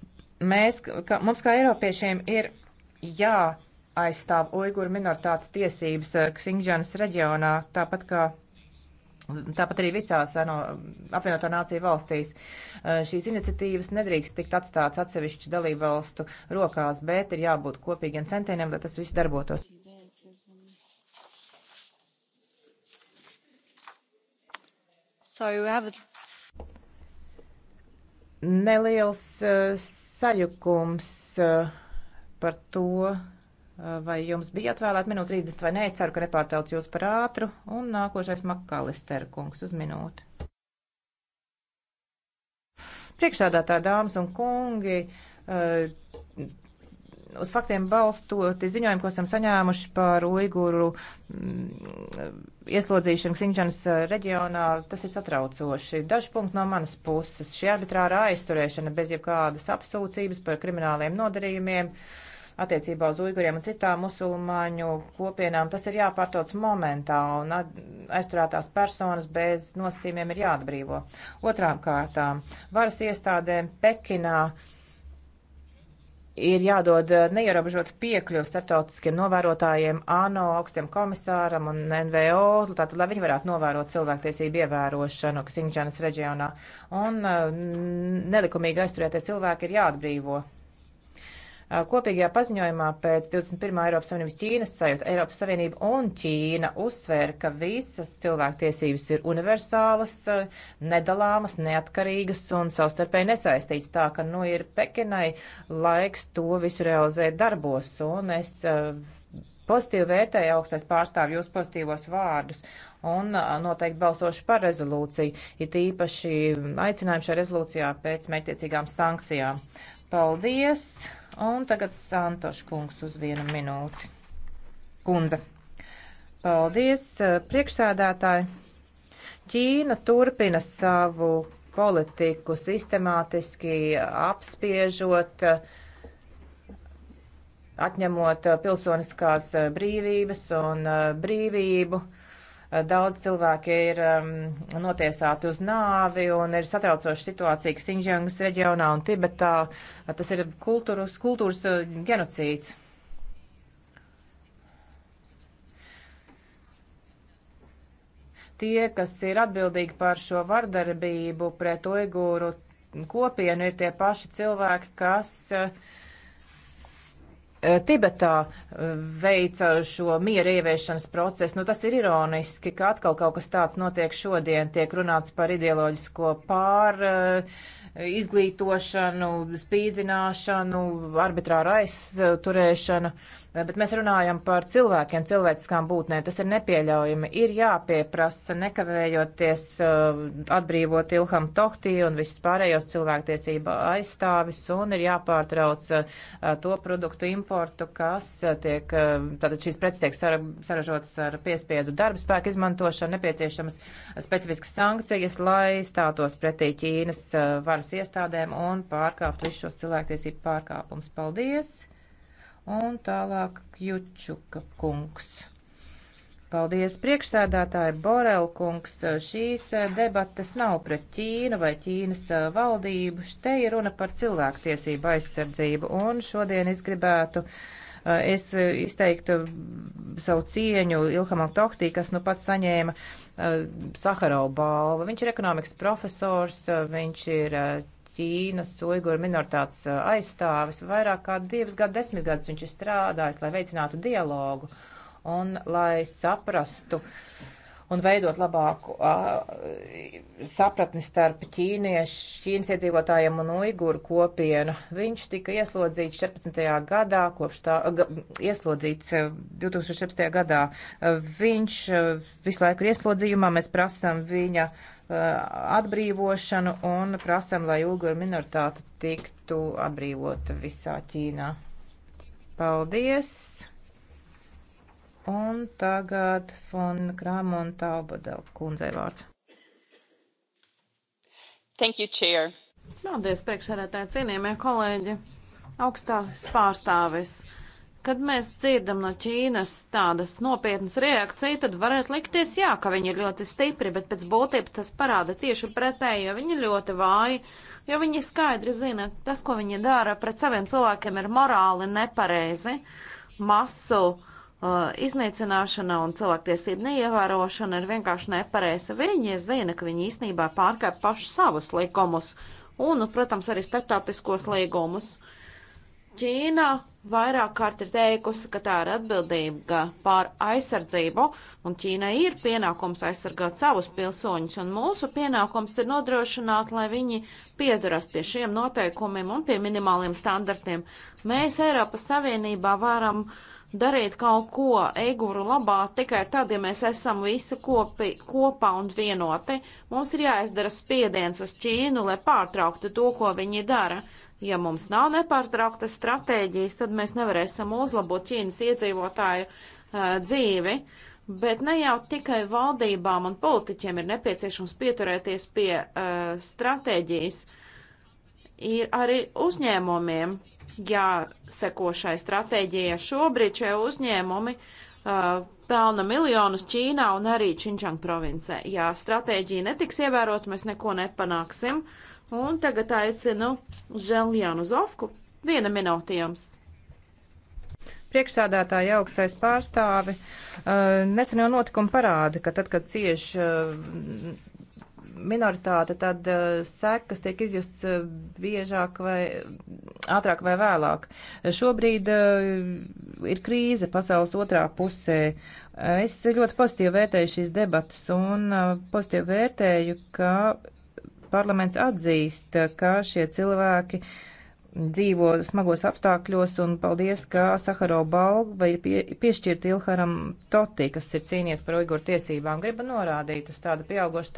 Mēs, ka, mums kā Eiropiešiem ir jā aizstāv uiguru minoritātes tiesības eh, Xinjianas reģionā, tāpat kā Tāpat arī visās no apvienoto nāciju valstīs eh, šīs iniciatīvas nedrīkst tikt atstāts atsevišķu dalību valstu rokās, bet ir jābūt kopīgiem centieniem, lai tas viss darbotos. So you have neliels uh, eh, sajukums uh, eh, par to, Eh, vai jums bija atvēlēta minūte 30 vai nē? Ceru, ka nepārtauc jūs par ātru. Un nākošais Makalister kungs uz minūti. Priekšādātā dāmas un kungi, uh, uz faktiem balstoti ziņojumi, ko esam saņēmuši par uiguru mm, ieslodzīšanu Xinjianas eh, reģionā, tas ir satraucoši. Daži punkti no manas puses. Šī arbitrārā aizturēšana bez jebkādas apsūdzības par krimināliem nodarījumiem. Uh, attiecībā uz uiguriem un citām musulmaņu kopienām, tas ir jāpārtauc momentā un aizturētās personas bez nosacījumiem ir jāatbrīvo. Otrām kārtām, varas iestādēm Pekinā ir jādod neierobežot piekļuvi starptautiskiem novērotājiem, ANO, augstiem komisāram un NVO, tātad, lai viņi varētu novērot cilvēktiesību ievērošanu Xinjianas reģionā. Un nelikumīgi aizturētie cilvēki ir jāatbrīvo Kopīgajā paziņojumā pēc 21. Eiropas Savienības Ķīnas sajūta Eiropas Savienība un Ķīna uzsvēra, ka visas cilvēktiesības ir universālas, nedalāmas, neatkarīgas un savstarpēji nesaistītas tā, ka nu ir Pekinai laiks to visu realizēt darbos. Un es pozitīvi vērtēju augstais pārstāvju jūs pozitīvos vārdus un noteikti balsošu par rezolūciju, it īpaši aicinājumu šajā rezolūcijā pēc mērķtiecīgām sankcijām. Paldies! Un tagad Santoš kungs uz vienu minūti. Kundze. Paldies, eh, priekšsēdētāji. Ķīna turpina savu politiku sistemātiski apspiežot, atņemot eh, pilsoniskās eh, brīvības un brīvību. Eh, daudz cilvēki ir um, notiesāti uz nāvi un ir satraucoša situācija Xinjiangas reģionā un Tibetā. Eh, tas ir kultūras, kultūras eh, genocīds. Tie, kas ir atbildīgi par šo vardarbību pret uigūru kopienu, ir tie paši cilvēki, kas uh, Eh, Tibetā eh, veica šo miera ieviešanas procesu. Nu, tas ir ironiski, ka atkal kaut kas tāds notiek šodien. Tiek runāts par ideoloģisko pār eh, izglītošanu, spīdzināšanu, arbitrāru aizturēšanu, bet mēs runājam par cilvēkiem, cilvēciskām būtnēm. Tas ir nepieļaujami. Ir jāpieprasa nekavējoties atbrīvot Ilham Tohtī un visus pārējos cilvēktiesību aizstāvis un ir jāpārtrauc to produktu importu importu, kas eh, tiek, eh, tātad šīs preces tiek saražotas ar piespiedu darba spēku izmantošanu, nepieciešamas specifiskas sankcijas, lai stātos pretī Ķīnas eh, varas iestādēm un pārkāptu visus šos cilvēktiesību pārkāpumus. Paldies! Un tālāk Jučuka kungs. Paldies, priekšsēdētāji Borel kungs. Šīs eh, debatas nav pret Ķīnu vai Ķīnas eh, valdību. Te ir runa par cilvēktiesību aizsardzību. Un šodien es gribētu eh, es izteiktu savu cieņu Ilhamam Tohtī, kas nu pats saņēma Saharau balvu. Viņš ir ekonomikas profesors, viņš ir Ķīnas uiguru minoritātes aizstāvis. Vairāk kā divas gadu desmitgadus viņš ir strādājis, lai veicinātu dialogu un lai saprastu un veidot labāku sapratni starp ķīniešu, Ķīnas iedzīvotājiem un uiguru kopienu. Viņš tika ieslodzīts 14. gadā, kopš tā, ga, ieslodzīts 2017. gadā. Viņš visu laiku ir ieslodzījumā, mēs prasam viņa atbrīvošanu un prasam, lai uiguru minoritāte tiktu atbrīvota visā Ķīnā. Paldies! Un tagad Fon Kramon Taubadel kundzei vārds. Thank you, Chair. Paldies, priekšsēdētāji, cienījamie kolēģi, augstās pārstāvis. Kad mēs dzirdam no Ķīnas tādas nopietnas reakcijas, tad varētu likties, jā, ka viņi ir ļoti stipri, bet pēc būtības tas parāda tieši pretēji, jo viņi ir ļoti vāji, jo viņi skaidri zina, tas, ko viņi dara pret saviem cilvēkiem, ir morāli nepareizi, masu uh, iznīcināšana un cilvēktiesību neievērošana ir vienkārši nepareiza. Viņi zina, ka viņi īsnībā pārkāpj paši savus likumus un, nu, protams, arī starptautiskos līgumus. Ķīna vairāk kārt ir teikusi, ka tā ir atbildīga pār aizsardzību, un Ķīnai ir pienākums aizsargāt savus pilsoņus, un mūsu pienākums ir nodrošināt, lai viņi pieturās pie šiem noteikumiem un pie minimāliem standartiem. Mēs Eiropas Savienībā varam uh, darīt kaut ko eiguru labā tikai tad, ja mēs esam visi kopi, kopā un vienoti. Mums ir jāizdara spiediens uz Ķīnu, lai pārtrauktu to, ko viņi dara. Ja mums nav nepārtrauktas stratēģijas, tad mēs nevarēsim uzlabot Ķīnas iedzīvotāju uh, dzīvi. Bet ne jau tikai valdībām un politiķiem ir nepieciešams pieturēties pie uh, stratēģijas, ir arī uzņēmumiem jāseko šai stratēģijai. Šobrīd šie uzņēmumi uh, pelna miljonus Ķīnā un arī Činčang provincē. Ja stratēģija netiks ievērot, mēs neko nepanāksim. Un tagad aicinu Željānu Zofku. Viena minūte jums priekšsādātāja augstais pārstāvi. Uh, Neseno notikumu parāda, ka tad, kad cieš uh, minoritāte, tad eh, sekas tiek izjusts eh, biežāk vai ātrāk vai vēlāk. Šobrīd eh, ir krīze pasaules otrā pusē. Es ļoti pozitīvi vērtēju šīs debatas un pozitīvi vērtēju, ka parlaments atzīst, ka šie cilvēki uh, dzīvo smagos apstākļos, un paldies, ka Saharo balva ir pie, piešķirta Ilharam Toti, kas ir cīnies par uiguru tiesībām. Gribu norādīt uz tādu pieaugošu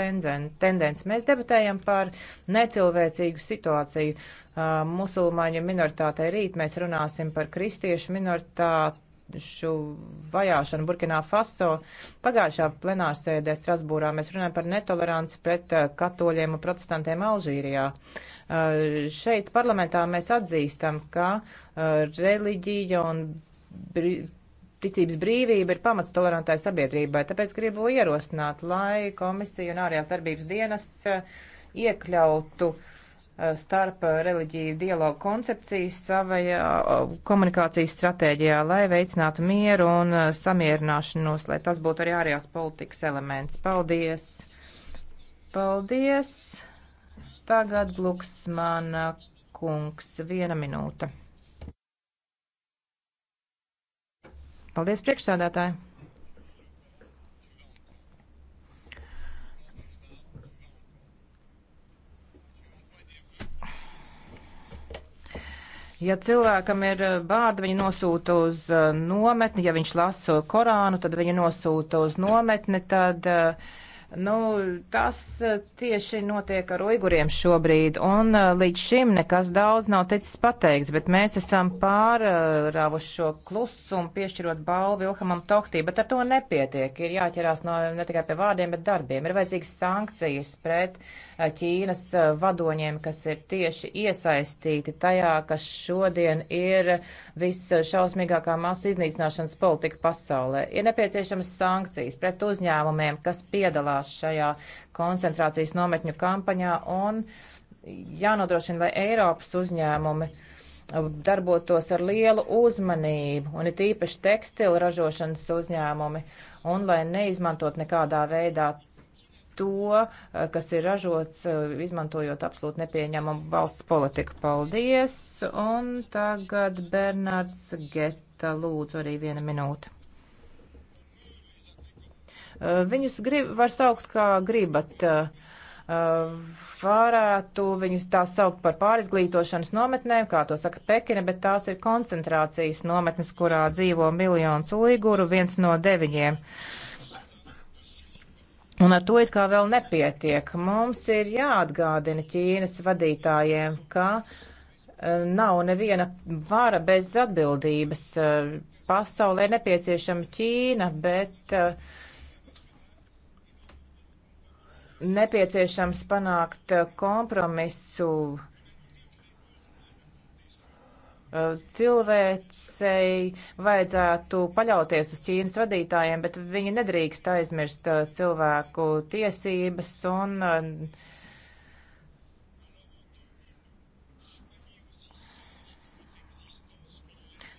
tendenci. Mēs debatējam par necilvēcīgu situāciju. Uh, musulmaņu minoritātei rīt mēs runāsim par kristiešu minoritāti šo vajāšanu Burkinā Faso. Pagājušā plenārsēdē Strasbūrā mēs runājam par netoleranci pret uh, katoļiem un protestantiem Alžīrijā. Uh, Eh, šeit parlamentā mēs atzīstam, ka eh, reliģija un ticības brīvība ir pamats tolerantai sabiedrībai, tāpēc gribu ierosināt, lai komisija un ārējās darbības dienests eh, iekļautu starp reliģiju dialogu koncepciju savajā komunikācijas stratēģijā, lai veicinātu mieru un samierināšanos, lai tas būtu arī ārējās politikas elements. Paldies! Paldies! Tagad Gluksmana kungs, viena minūte. Paldies, priekšsādātāji! Ja cilvēkam ir eh, bārda, viņu nosūta uz eh, nometni, ja viņš lasa Korānu, tad viņu nosūta uz nometni, tad uh, Nu, tas eh, tieši notiek ar uiguriem šobrīd, un eh, līdz šim nekas daudz nav teicis pateikts, bet mēs esam pārrāvuši šo klusumu, piešķirot balvu Vilhamam Tohtī, bet ar to nepietiek. Ir jāķerās no, ne tikai pie vārdiem, bet darbiem. Ir vajadzīgas sankcijas pret eh, Ķīnas vadoņiem, kas ir tieši iesaistīti tajā, kas šodien ir visšausmīgākā masu iznīcināšanas politika pasaulē. Ir nepieciešamas sankcijas pret uzņēmumiem, kas piedalās piedalās šajā koncentrācijas nometņu kampaņā un jānodrošina, lai Eiropas uzņēmumi darbotos ar lielu uzmanību, un it īpaši tekstila ražošanas uzņēmumi, un lai neizmantot nekādā veidā to, kas ir ražots, izmantojot absolūti nepieņemamu valsts politiku. Paldies! Un tagad Bernards Geta lūdzu arī viena minūte. Eh, viņus grib, var saukt kā gribat. Eh, eh, varētu viņus tā saukt par pārizglītošanas nometnēm, kā to saka Pekina, bet tās ir koncentrācijas nometnes, kurā dzīvo miljons uiguru, viens no deviņiem. Un ar to it kā vēl nepietiek. Mums ir jāatgādina Ķīnas vadītājiem, ka nav neviena vara bez atbildības. Pasaulē nepieciešama Ķīna, bet uh, nepieciešams panākt uh, kompromisu uh, cilvēcei vajadzētu paļauties uz Ķīnas vadītājiem, bet viņi nedrīkst aizmirst uh, cilvēku tiesības un uh,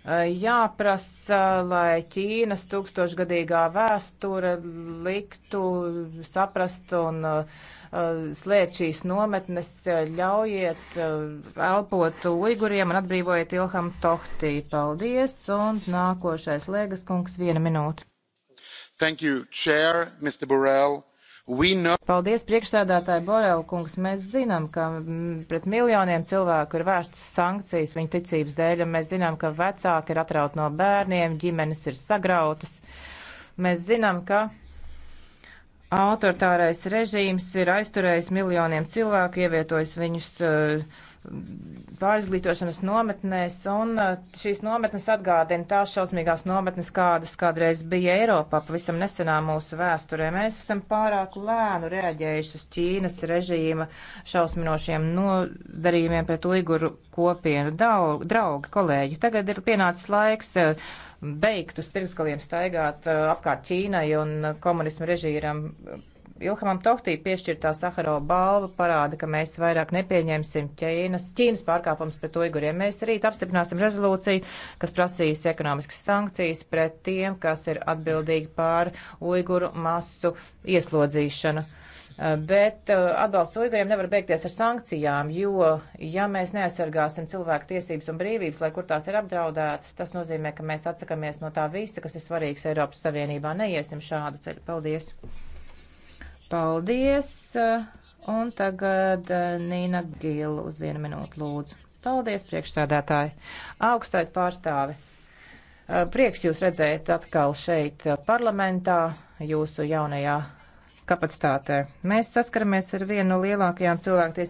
jāprasa, lai Ķīnas tūkstošgadīgā vēsture liktu saprast un uh, slēgt šīs nometnes, ļaujiet uh, elpot uiguriem un atbrīvojiet Ilham Tohtī. Paldies, un nākošais Lēgas kungs viena minūte. Thank you, Chair, Mr. Burrell. Paldies, priekšsēdētāji Borel kungs. Mēs zinām, ka mm, pret miljoniem cilvēku ir vērstas sankcijas viņu ticības dēļ, un mēs zinām, ka vecāki ir atrauti no bērniem, ģimenes ir sagrautas. Mēs zinām, ka autoritārais režīms ir aizturējis miljoniem cilvēku, ievietojis viņus uh, pārizglītošanas nometnēs, un uh, šīs nometnes atgādina tās šausmīgās nometnes, kādas kādreiz bija Eiropā, pavisam nesenā mūsu vēsturē. Mēs esam pārāk lēnu reaģējuši uz Ķīnas režīma šausminošiem nodarījumiem pret uiguru kopienu. Daug, draugi, kolēģi, tagad ir pienācis laiks uh, beigt uz pirksgaliem staigāt uh, apkārt Ķīnai un komunismu režīram Ilhamam Tohtī piešķirtā Saharova balva parāda, ka mēs vairāk nepieņemsim Ķīnas, Ķīnas pārkāpums pret uiguriem. Mēs rīt apstiprināsim rezolūciju, kas prasīs ekonomiskas sankcijas pret tiem, kas ir atbildīgi pār uiguru masu ieslodzīšanu. Eh, bet eh, atbalsts uiguriem nevar beigties ar sankcijām, jo, ja mēs neaizsargāsim cilvēku tiesības un brīvības, lai kur tās ir apdraudētas, tas nozīmē, ka mēs atsakamies no tā visa, kas ir svarīgs Eiropas Savienībā. Neiesim šādu ceļu. Paldies! Paldies! Un tagad eh, Nīna Gila uz vienu minūtu lūdzu. Paldies, priekšsēdētāji! Augstais pārstāvi! Eh, prieks jūs redzēt atkal šeit eh, parlamentā, jūsu jaunajā kapacitātē. Mēs saskaramies ar vienu no lielākajām cilvēktiesību.